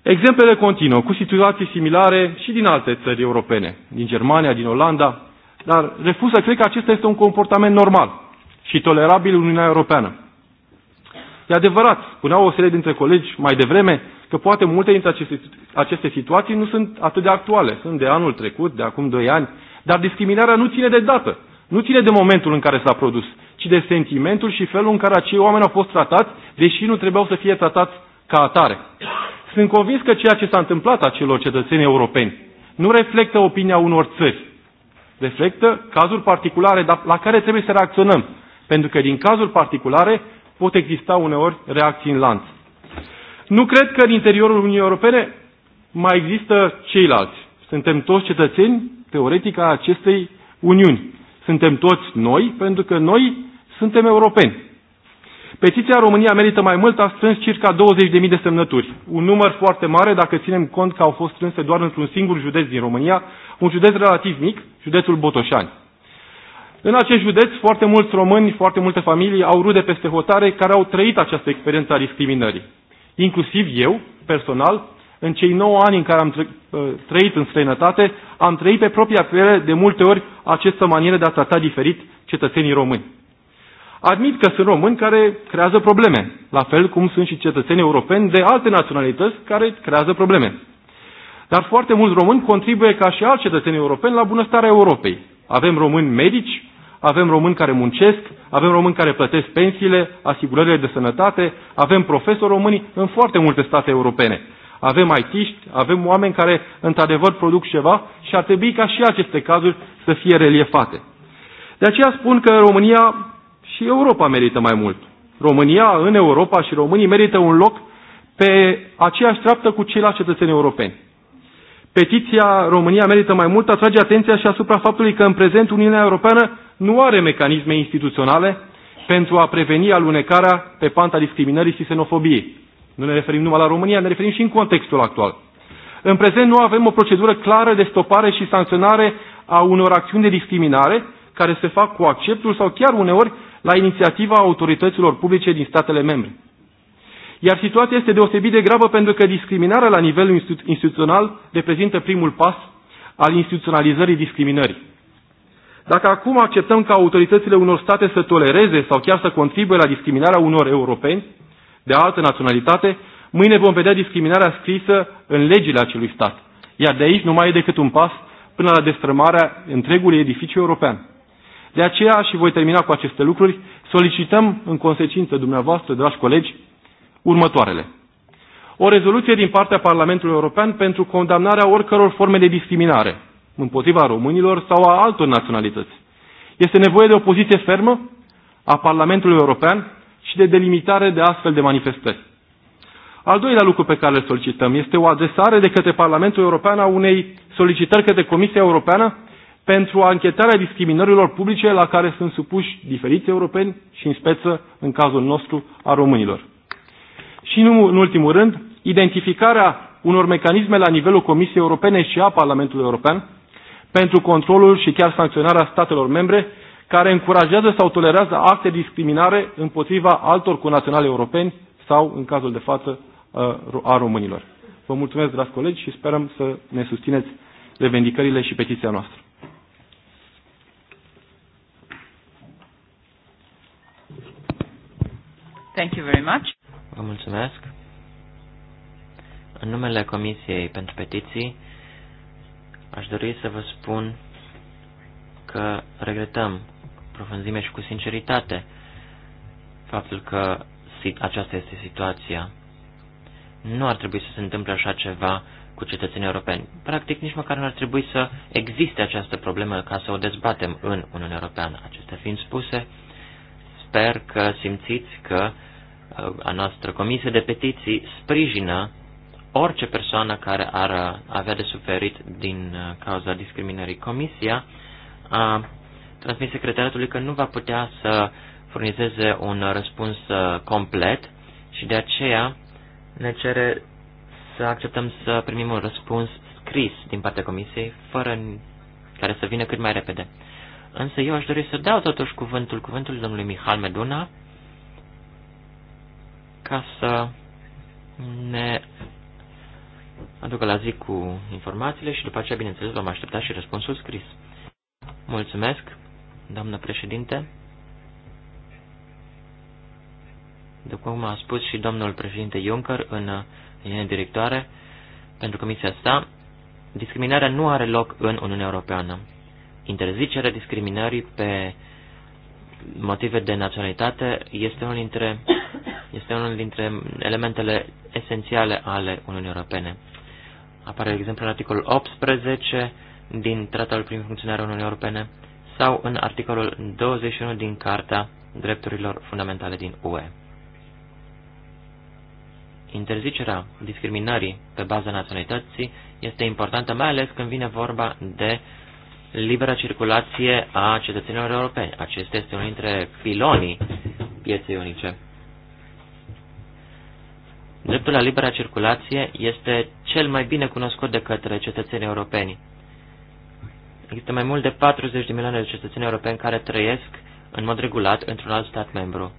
Exemplele continuă, cu situații similare și din alte țări europene, din Germania, din Olanda, dar refuz să cred că acesta este un comportament normal și tolerabil Uniunea Europeană. E adevărat, spuneau o serie dintre colegi mai devreme, că poate multe dintre aceste, aceste situații nu sunt atât de actuale. Sunt de anul trecut, de acum doi ani, dar discriminarea nu ține de dată, nu ține de momentul în care s-a produs, ci de sentimentul și felul în care acei oameni au fost tratați, deși nu trebuiau să fie tratați ca atare. Sunt convins că ceea ce s-a întâmplat acelor cetățeni europeni nu reflectă opinia unor țări, reflectă cazuri particulare la care trebuie să reacționăm, pentru că din cazuri particulare pot exista uneori reacții în lanț. Nu cred că în interiorul Uniunii Europene mai există ceilalți. Suntem toți cetățeni, teoretic, a acestei Uniuni. Suntem toți noi, pentru că noi suntem europeni. Petiția România merită mai mult a strâns circa 20.000 de semnături. Un număr foarte mare dacă ținem cont că au fost strânse doar într-un singur județ din România, un județ relativ mic, județul Botoșani. În acest județ, foarte mulți români, foarte multe familii au rude peste hotare care au trăit această experiență a discriminării. Inclusiv eu, personal, în cei 9 ani în care am ă, trăit în străinătate, am trăit pe propria piele de multe ori această manieră de a trata diferit cetățenii români. Admit că sunt români care creează probleme, la fel cum sunt și cetățenii europeni de alte naționalități care creează probleme. Dar foarte mulți români contribuie ca și alți cetățeni europeni la bunăstarea Europei. Avem români medici, avem români care muncesc, avem români care plătesc pensiile, asigurările de sănătate, avem profesori români în foarte multe state europene. Avem aitiști, avem oameni care într-adevăr produc ceva și ar trebui ca și aceste cazuri să fie reliefate. De aceea spun că România și Europa merită mai mult. România în Europa și românii merită un loc pe aceeași treaptă cu ceilalți cetățeni europeni. Petiția România merită mai mult atrage atenția și asupra faptului că în prezent Uniunea Europeană nu are mecanisme instituționale pentru a preveni alunecarea pe panta discriminării și xenofobiei. Nu ne referim numai la România, ne referim și în contextul actual. În prezent nu avem o procedură clară de stopare și sancționare a unor acțiuni de discriminare care se fac cu acceptul sau chiar uneori la inițiativa autorităților publice din statele membre. Iar situația este deosebit de gravă pentru că discriminarea la nivel instituțional reprezintă primul pas al instituționalizării discriminării. Dacă acum acceptăm ca autoritățile unor state să tolereze sau chiar să contribuie la discriminarea unor europeni de altă naționalitate, mâine vom vedea discriminarea scrisă în legile acelui stat. Iar de aici nu mai e decât un pas până la destrămarea întregului edificiu european. De aceea, și voi termina cu aceste lucruri, solicităm în consecință dumneavoastră, dragi colegi, următoarele. O rezoluție din partea Parlamentului European pentru condamnarea oricăror forme de discriminare împotriva românilor sau a altor naționalități. Este nevoie de o poziție fermă a Parlamentului European și de delimitare de astfel de manifestări. Al doilea lucru pe care îl solicităm este o adresare de către Parlamentul European a unei solicitări către Comisia Europeană pentru anchetarea discriminărilor publice la care sunt supuși diferiți europeni și în speță, în cazul nostru, a românilor. Și nu în ultimul rând, identificarea unor mecanisme la nivelul Comisiei Europene și a Parlamentului European pentru controlul și chiar sancționarea statelor membre care încurajează sau tolerează acte discriminare împotriva altor conaționali europeni sau, în cazul de față, uh, a românilor. Vă mulțumesc, dragi colegi, și sperăm să ne susțineți revendicările și petiția noastră. Thank you very much. Vă mulțumesc. În numele Comisiei pentru Petiții, aș dori să vă spun că regretăm cu profunzime și cu sinceritate faptul că aceasta este situația. Nu ar trebui să se întâmple așa ceva cu cetățenii europeni. Practic, nici măcar nu ar trebui să existe această problemă ca să o dezbatem în Uniunea Europeană. Acestea fiind spuse, sper că simțiți că a noastră comisie de petiții sprijină orice persoană care ar avea de suferit din uh, cauza discriminării. Comisia a transmis secretariatului că nu va putea să furnizeze un răspuns uh, complet și de aceea ne cere să acceptăm să primim un răspuns scris din partea comisiei, fără care să vină cât mai repede. Însă eu aș dori să dau totuși cuvântul, cuvântul domnului Mihal Meduna, ca să ne aducă la zi cu informațiile și după aceea, bineînțeles, vom aștepta și răspunsul scris. Mulțumesc, doamnă președinte. După cum a spus și domnul președinte Juncker în linie directoare, pentru comisia sa, discriminarea nu are loc în Uniunea Europeană. Interzicerea discriminării pe motive de naționalitate este unul dintre este unul dintre elementele esențiale ale Uniunii Europene. Apare, de exemplu, în articolul 18 din Tratatul privind funcționarea Uniunii Europene sau în articolul 21 din Carta Drepturilor Fundamentale din UE. Interzicerea discriminării pe baza naționalității este importantă, mai ales când vine vorba de libera circulație a cetățenilor europeni. Acesta este unul dintre pilonii pieței unice. Dreptul la libera circulație este cel mai bine cunoscut de către cetățenii europeni. Există mai mult de 40 de milioane de cetățeni europeni care trăiesc în mod regulat într-un alt stat membru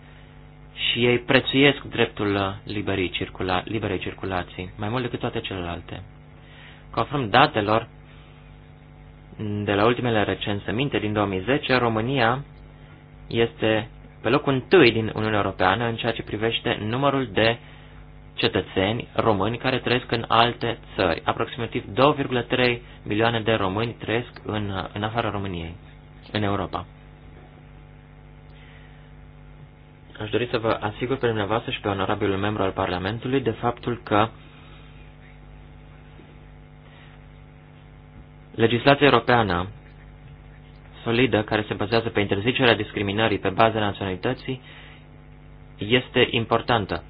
și ei prețuiesc dreptul liberei, circula, liberei circulații, mai mult decât toate celelalte. Conform datelor de la ultimele recensăminte din 2010, România este pe locul întâi din Uniunea Europeană în ceea ce privește numărul de cetățeni români care trăiesc în alte țări. Aproximativ 2,3 milioane de români trăiesc în, în afara României, în Europa. Aș dori să vă asigur pe dumneavoastră și pe onorabilul membru al Parlamentului de faptul că legislația europeană solidă care se bazează pe interzicerea discriminării pe baza naționalității este importantă.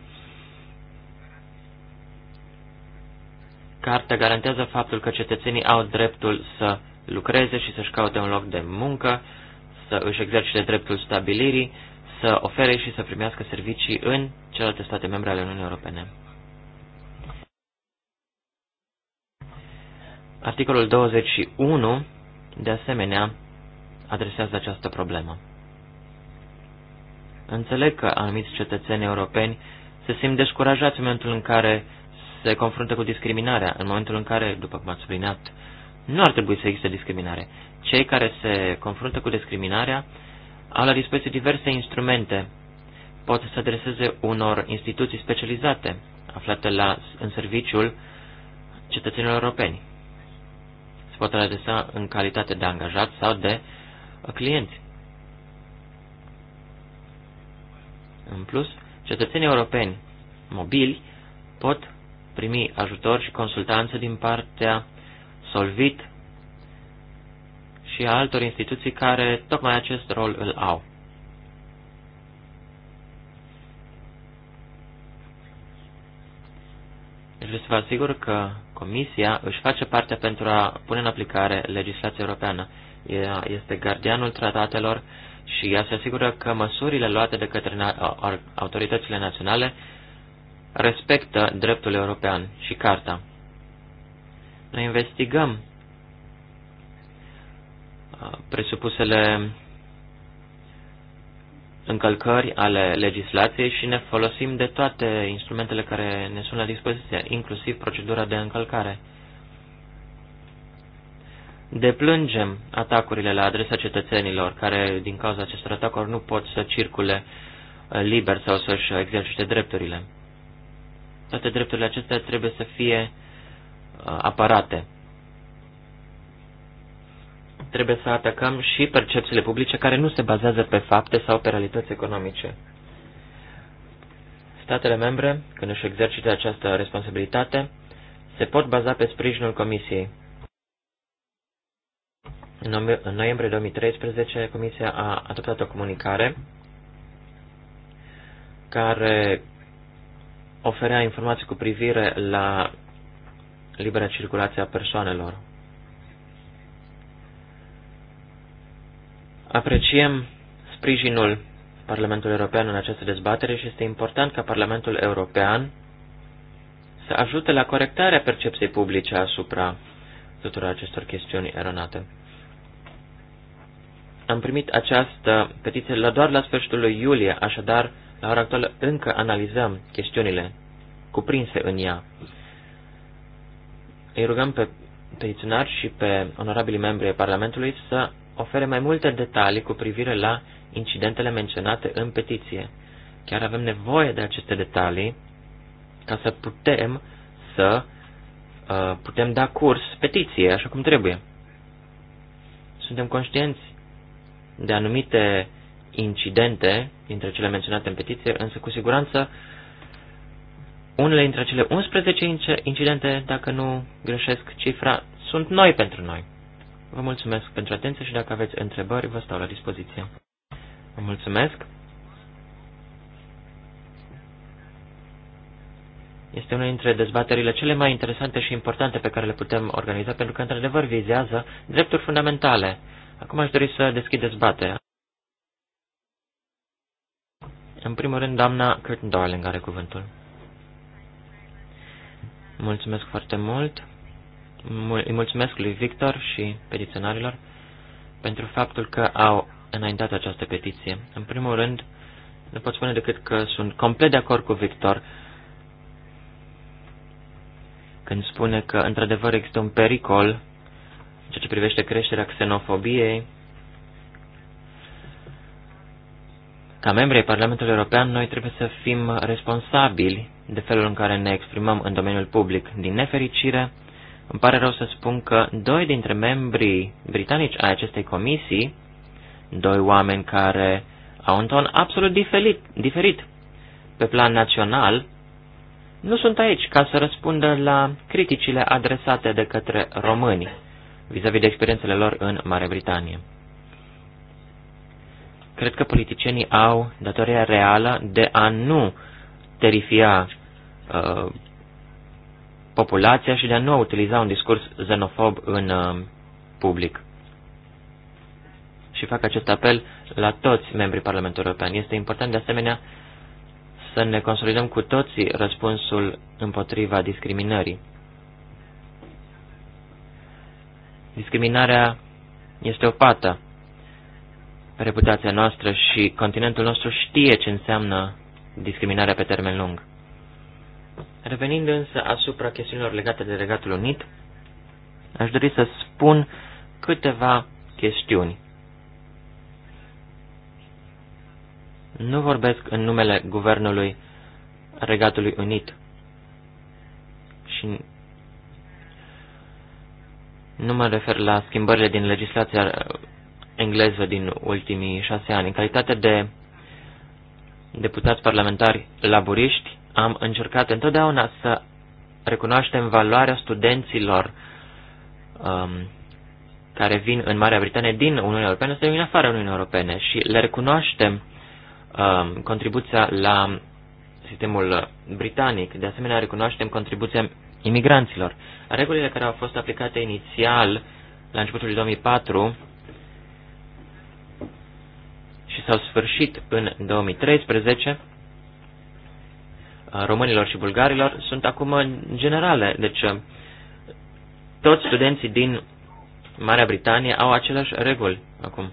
Carta garantează faptul că cetățenii au dreptul să lucreze și să-și caute un loc de muncă, să își exercite dreptul stabilirii, să ofere și să primească servicii în celelalte state membre ale Uniunii Europene. Articolul 21, de asemenea, adresează această problemă. Înțeleg că anumiți cetățeni europeni se simt descurajați în momentul în care se confruntă cu discriminarea în momentul în care, după cum ați subliniat, nu ar trebui să existe discriminare. Cei care se confruntă cu discriminarea au la dispoziție diverse instrumente. Pot să se adreseze unor instituții specializate aflate la, în serviciul cetățenilor europeni. Se pot adresa în calitate de angajat sau de clienți. În plus, cetățenii europeni mobili pot primi ajutor și consultanță din partea Solvit și a altor instituții care tocmai acest rol îl au. Deci vreau să vă asigur că Comisia își face parte pentru a pune în aplicare legislația europeană. Ea este gardianul tratatelor și ea se asigură că măsurile luate de către autoritățile naționale respectă dreptul european și carta. Noi investigăm uh, presupusele încălcări ale legislației și ne folosim de toate instrumentele care ne sunt la dispoziție, inclusiv procedura de încălcare. Deplângem atacurile la adresa cetățenilor care, din cauza acestor atacuri, nu pot să circule uh, liber sau să-și exercite drepturile. Toate drepturile acestea trebuie să fie uh, aparate. Trebuie să atacăm și percepțiile publice care nu se bazează pe fapte sau pe realități economice. Statele membre, când își exercită această responsabilitate, se pot baza pe sprijinul Comisiei. În noiembrie 2013, Comisia a adoptat o comunicare care oferea informații cu privire la libera circulație a persoanelor. Apreciem sprijinul Parlamentului European în această dezbatere și este important ca Parlamentul European să ajute la corectarea percepției publice asupra tuturor acestor chestiuni eronate. Am primit această petiție la doar la sfârșitul lui iulie, așadar la ora actuală încă analizăm chestiunile cuprinse în ea. Îi rugăm pe petiționari și pe onorabili membri ai Parlamentului să ofere mai multe detalii cu privire la incidentele menționate în petiție. Chiar avem nevoie de aceste detalii ca să putem să uh, putem da curs petiției așa cum trebuie. Suntem conștienți de anumite incidente dintre cele menționate în petiție, însă cu siguranță unele dintre cele 11 incidente, dacă nu greșesc cifra, sunt noi pentru noi. Vă mulțumesc pentru atenție și dacă aveți întrebări, vă stau la dispoziție. Vă mulțumesc. Este una dintre dezbaterile cele mai interesante și importante pe care le putem organiza, pentru că, într-adevăr, vizează drepturi fundamentale. Acum aș dori să deschid dezbaterea. În primul rând, doamna Curtin Darling are cuvântul. Mulțumesc foarte mult. îi mulțumesc lui Victor și petiționarilor pentru faptul că au înaintat această petiție. În primul rând, nu pot spune decât că sunt complet de acord cu Victor când spune că într-adevăr există un pericol în ceea ce privește creșterea xenofobiei Ca membrii Parlamentului European, noi trebuie să fim responsabili de felul în care ne exprimăm în domeniul public. Din nefericire, îmi pare rău să spun că doi dintre membrii britanici ai acestei comisii, doi oameni care au un ton absolut diferit, diferit pe plan național, nu sunt aici ca să răspundă la criticile adresate de către români vis-a-vis -vis de experiențele lor în Marea Britanie cred că politicienii au datoria reală de a nu terifia uh, populația și de a nu utiliza un discurs xenofob în uh, public. Și fac acest apel la toți membrii Parlamentului European. Este important de asemenea să ne consolidăm cu toții răspunsul împotriva discriminării. Discriminarea este o pată reputația noastră și continentul nostru știe ce înseamnă discriminarea pe termen lung. Revenind însă asupra chestiunilor legate de Regatul Unit, aș dori să spun câteva chestiuni. Nu vorbesc în numele Guvernului Regatului Unit și nu mă refer la schimbările din legislația engleză din ultimii șase ani. În calitate de deputați parlamentari laburiști, am încercat întotdeauna să recunoaștem valoarea studenților um, care vin în Marea Britanie din Uniunea Europeană sau din afara Uniunii Europene și le recunoaștem um, contribuția la sistemul britanic. De asemenea, recunoaștem contribuția imigranților. Regulile care au fost aplicate inițial la începutul 2004 și s-au sfârșit în 2013 românilor și bulgarilor sunt acum generale. Deci toți studenții din Marea Britanie au aceleași reguli acum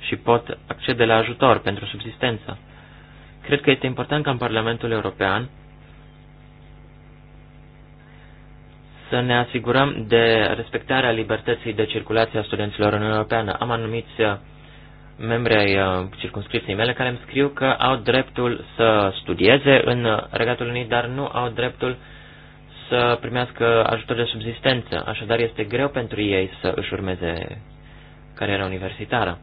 și pot accede la ajutor pentru subsistență. Cred că este important ca în Parlamentul European să ne asigurăm de respectarea libertății de circulație a studenților în Uniunea Europeană. Am anumiți uh, membri ai uh, circunscripției mele care îmi scriu că au dreptul să studieze în Regatul Unit, dar nu au dreptul să primească ajutor de subsistență. Așadar, este greu pentru ei să își urmeze cariera universitară.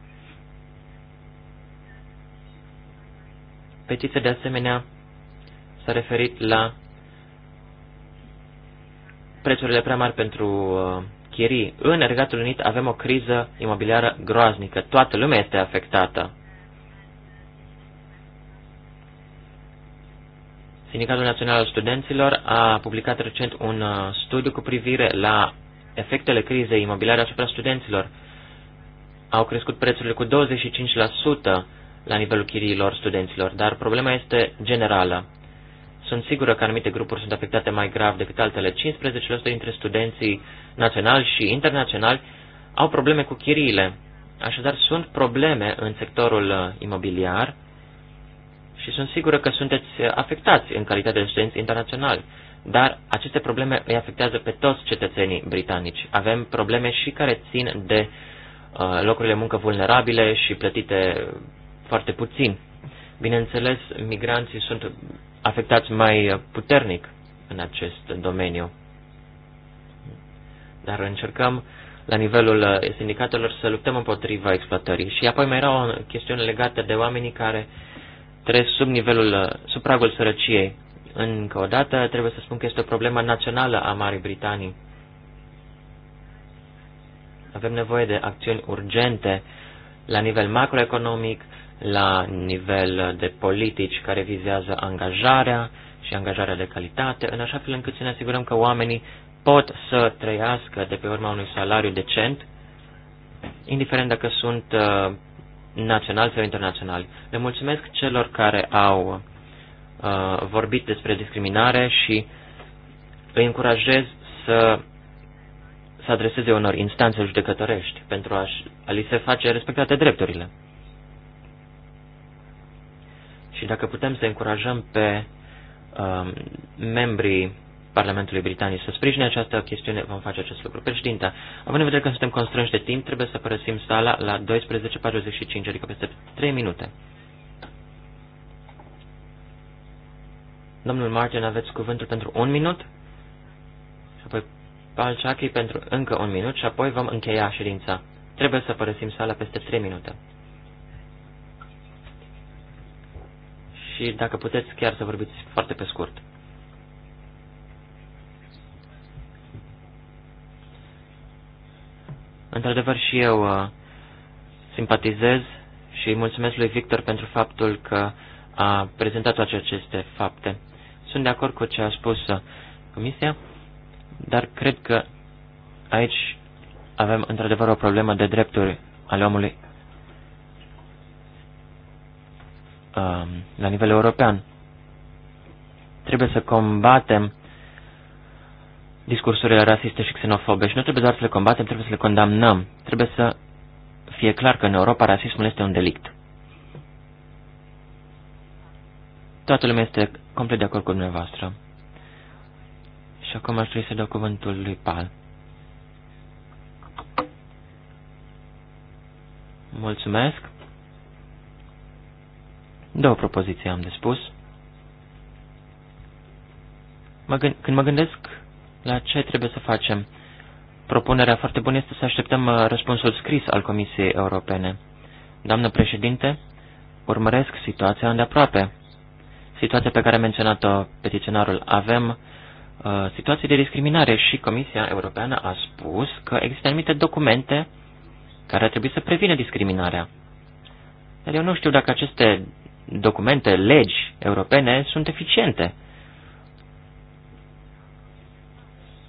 Petiția, de asemenea, s-a referit la prețurile prea mari pentru uh, chirii. În Regatul Unit avem o criză imobiliară groaznică. Toată lumea este afectată. Sindicatul Național al Studenților a publicat recent un uh, studiu cu privire la efectele crizei imobiliare asupra studenților. Au crescut prețurile cu 25% la nivelul chiriilor studenților, dar problema este generală. Sunt sigură că anumite grupuri sunt afectate mai grav decât altele. 15% dintre studenții naționali și internaționali au probleme cu chiriile. Așadar, sunt probleme în sectorul uh, imobiliar și sunt sigură că sunteți uh, afectați în calitate de studenți internaționali. Dar aceste probleme îi afectează pe toți cetățenii britanici. Avem probleme și care țin de uh, locurile muncă vulnerabile și plătite uh, foarte puțin. Bineînțeles, migranții sunt afectați mai puternic în acest domeniu. Dar încercăm la nivelul sindicatelor să luptăm împotriva exploatării. Și apoi mai era o chestiune legată de oamenii care trăiesc sub nivelul, sub pragul sărăciei. Încă o dată trebuie să spun că este o problemă națională a Marii Britanii. Avem nevoie de acțiuni urgente la nivel macroeconomic, la nivel de politici care vizează angajarea și angajarea de calitate, în așa fel încât să ne asigurăm că oamenii pot să trăiască de pe urma unui salariu decent, indiferent dacă sunt uh, naționali sau internaționali. Le mulțumesc celor care au uh, vorbit despre discriminare și îi încurajez să să adreseze unor instanțe judecătorești pentru a, a li se face respectate drepturile. Și dacă putem să încurajăm pe um, membrii Parlamentului Britanic să sprijine această chestiune, vom face acest lucru. Președinte, având în vedere că suntem constrânși de timp, trebuie să părăsim sala la 12.45, adică peste 3 minute. Domnul Martin, aveți cuvântul pentru un minut? Și apoi Palciachi pentru încă un minut și apoi vom încheia ședința. Trebuie să părăsim sala peste 3 minute. și dacă puteți chiar să vorbiți foarte pe scurt. Într-adevăr și eu uh, simpatizez și mulțumesc lui Victor pentru faptul că a prezentat toate aceste fapte. Sunt de acord cu ce a spus uh, Comisia, dar cred că aici avem într-adevăr o problemă de drepturi ale omului Um, la nivel european. Trebuie să combatem discursurile rasiste și xenofobe și nu trebuie doar să le combatem, trebuie să le condamnăm. Trebuie să fie clar că în Europa rasismul este un delict. Toată lumea este complet de acord cu dumneavoastră. Și acum aș trebui să dau cuvântul lui Pal. Mulțumesc. Două propoziții am de spus. Mă gând, când mă gândesc la ce trebuie să facem, propunerea foarte bună este să așteptăm uh, răspunsul scris al Comisiei Europene. Doamnă președinte, urmăresc situația îndeaproape. Situația pe care a menționat-o peticionarul avem uh, situații de discriminare și Comisia Europeană a spus că există anumite documente care ar trebui să prevină discriminarea. Dar eu nu știu dacă aceste documente, legi europene sunt eficiente.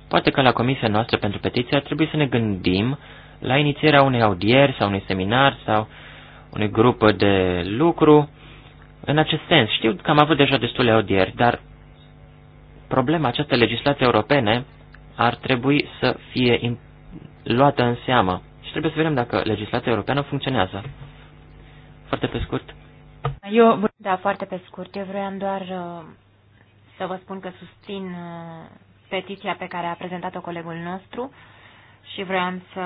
Poate că la comisia noastră pentru petiție ar trebui să ne gândim la inițierea unei audieri sau unui seminar sau unui grup de lucru în acest sens. Știu că am avut deja destule audieri, dar problema această legislație europene ar trebui să fie luată în seamă și trebuie să vedem dacă legislația europeană funcționează. Foarte pe scurt, eu, da, foarte pe scurt, eu vreau doar uh, să vă spun că susțin uh, petiția pe care a prezentat-o colegul nostru și vreau să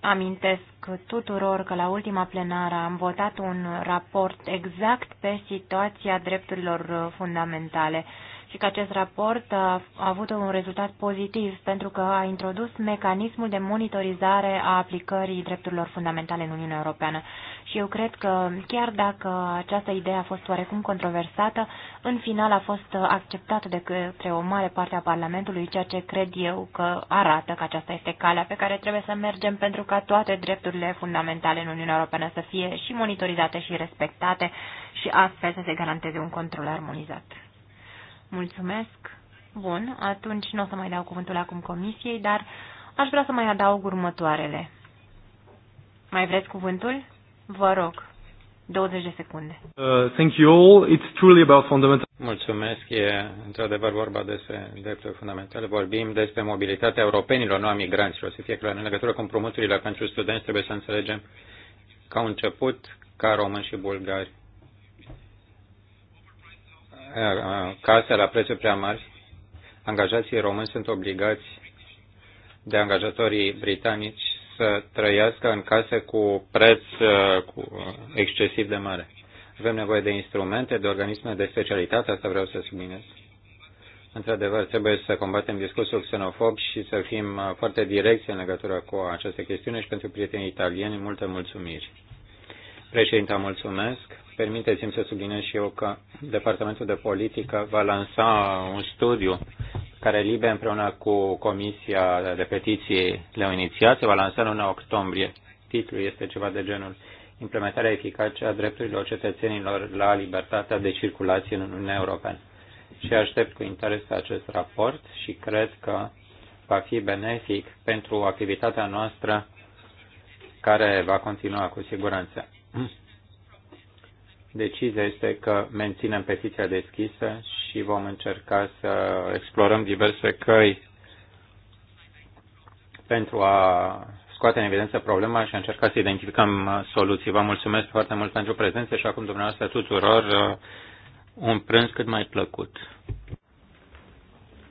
amintesc tuturor că la ultima plenară am votat un raport exact pe situația drepturilor uh, fundamentale și că acest raport a avut un rezultat pozitiv pentru că a introdus mecanismul de monitorizare a aplicării drepturilor fundamentale în Uniunea Europeană. Și eu cred că chiar dacă această idee a fost oarecum controversată, în final a fost acceptată de către o mare parte a Parlamentului, ceea ce cred eu că arată că aceasta este calea pe care trebuie să mergem pentru ca toate drepturile fundamentale în Uniunea Europeană să fie și monitorizate și respectate și astfel să se garanteze un control armonizat. Mulțumesc. Bun, atunci nu o să mai dau cuvântul acum comisiei, dar aș vrea să mai adaug următoarele. Mai vreți cuvântul? Vă rog. 20 de secunde. Uh, thank you all. It's truly about fundamental... Mulțumesc. E într-adevăr vorba despre drepturi fundamentale. Vorbim despre mobilitatea europenilor, nu a migranților. Să fie clar, în legătură cu împrumuturile pentru studenți, trebuie să înțelegem ca început, ca români și bulgari, case la prețuri prea mari, angajații români sunt obligați de angajatorii britanici să trăiască în case cu preț uh, cu, uh, excesiv de mare. Avem nevoie de instrumente, de organisme de specialitate, asta vreau să subliniez. Într-adevăr, trebuie să combatem discursul xenofob și să fim uh, foarte direcți în legătură cu această chestiune și pentru prietenii italieni multe mulțumiri. Președinta, mulțumesc. Permiteți-mi să subliniez și eu că Departamentul de Politică va lansa un studiu care Libe împreună cu Comisia de Petiții le-au inițiat, se va lansa în octombrie. Titlul este ceva de genul Implementarea eficace a drepturilor cetățenilor la libertatea de circulație în Uniunea Europeană. Și aștept cu interes acest raport și cred că va fi benefic pentru activitatea noastră care va continua cu siguranță. Decizia este că menținem petiția deschisă și vom încerca să explorăm diverse căi pentru a scoate în evidență problema și a încerca să identificăm soluții. Vă mulțumesc foarte mult pentru prezență și acum dumneavoastră tuturor uh, un prânz cât mai plăcut.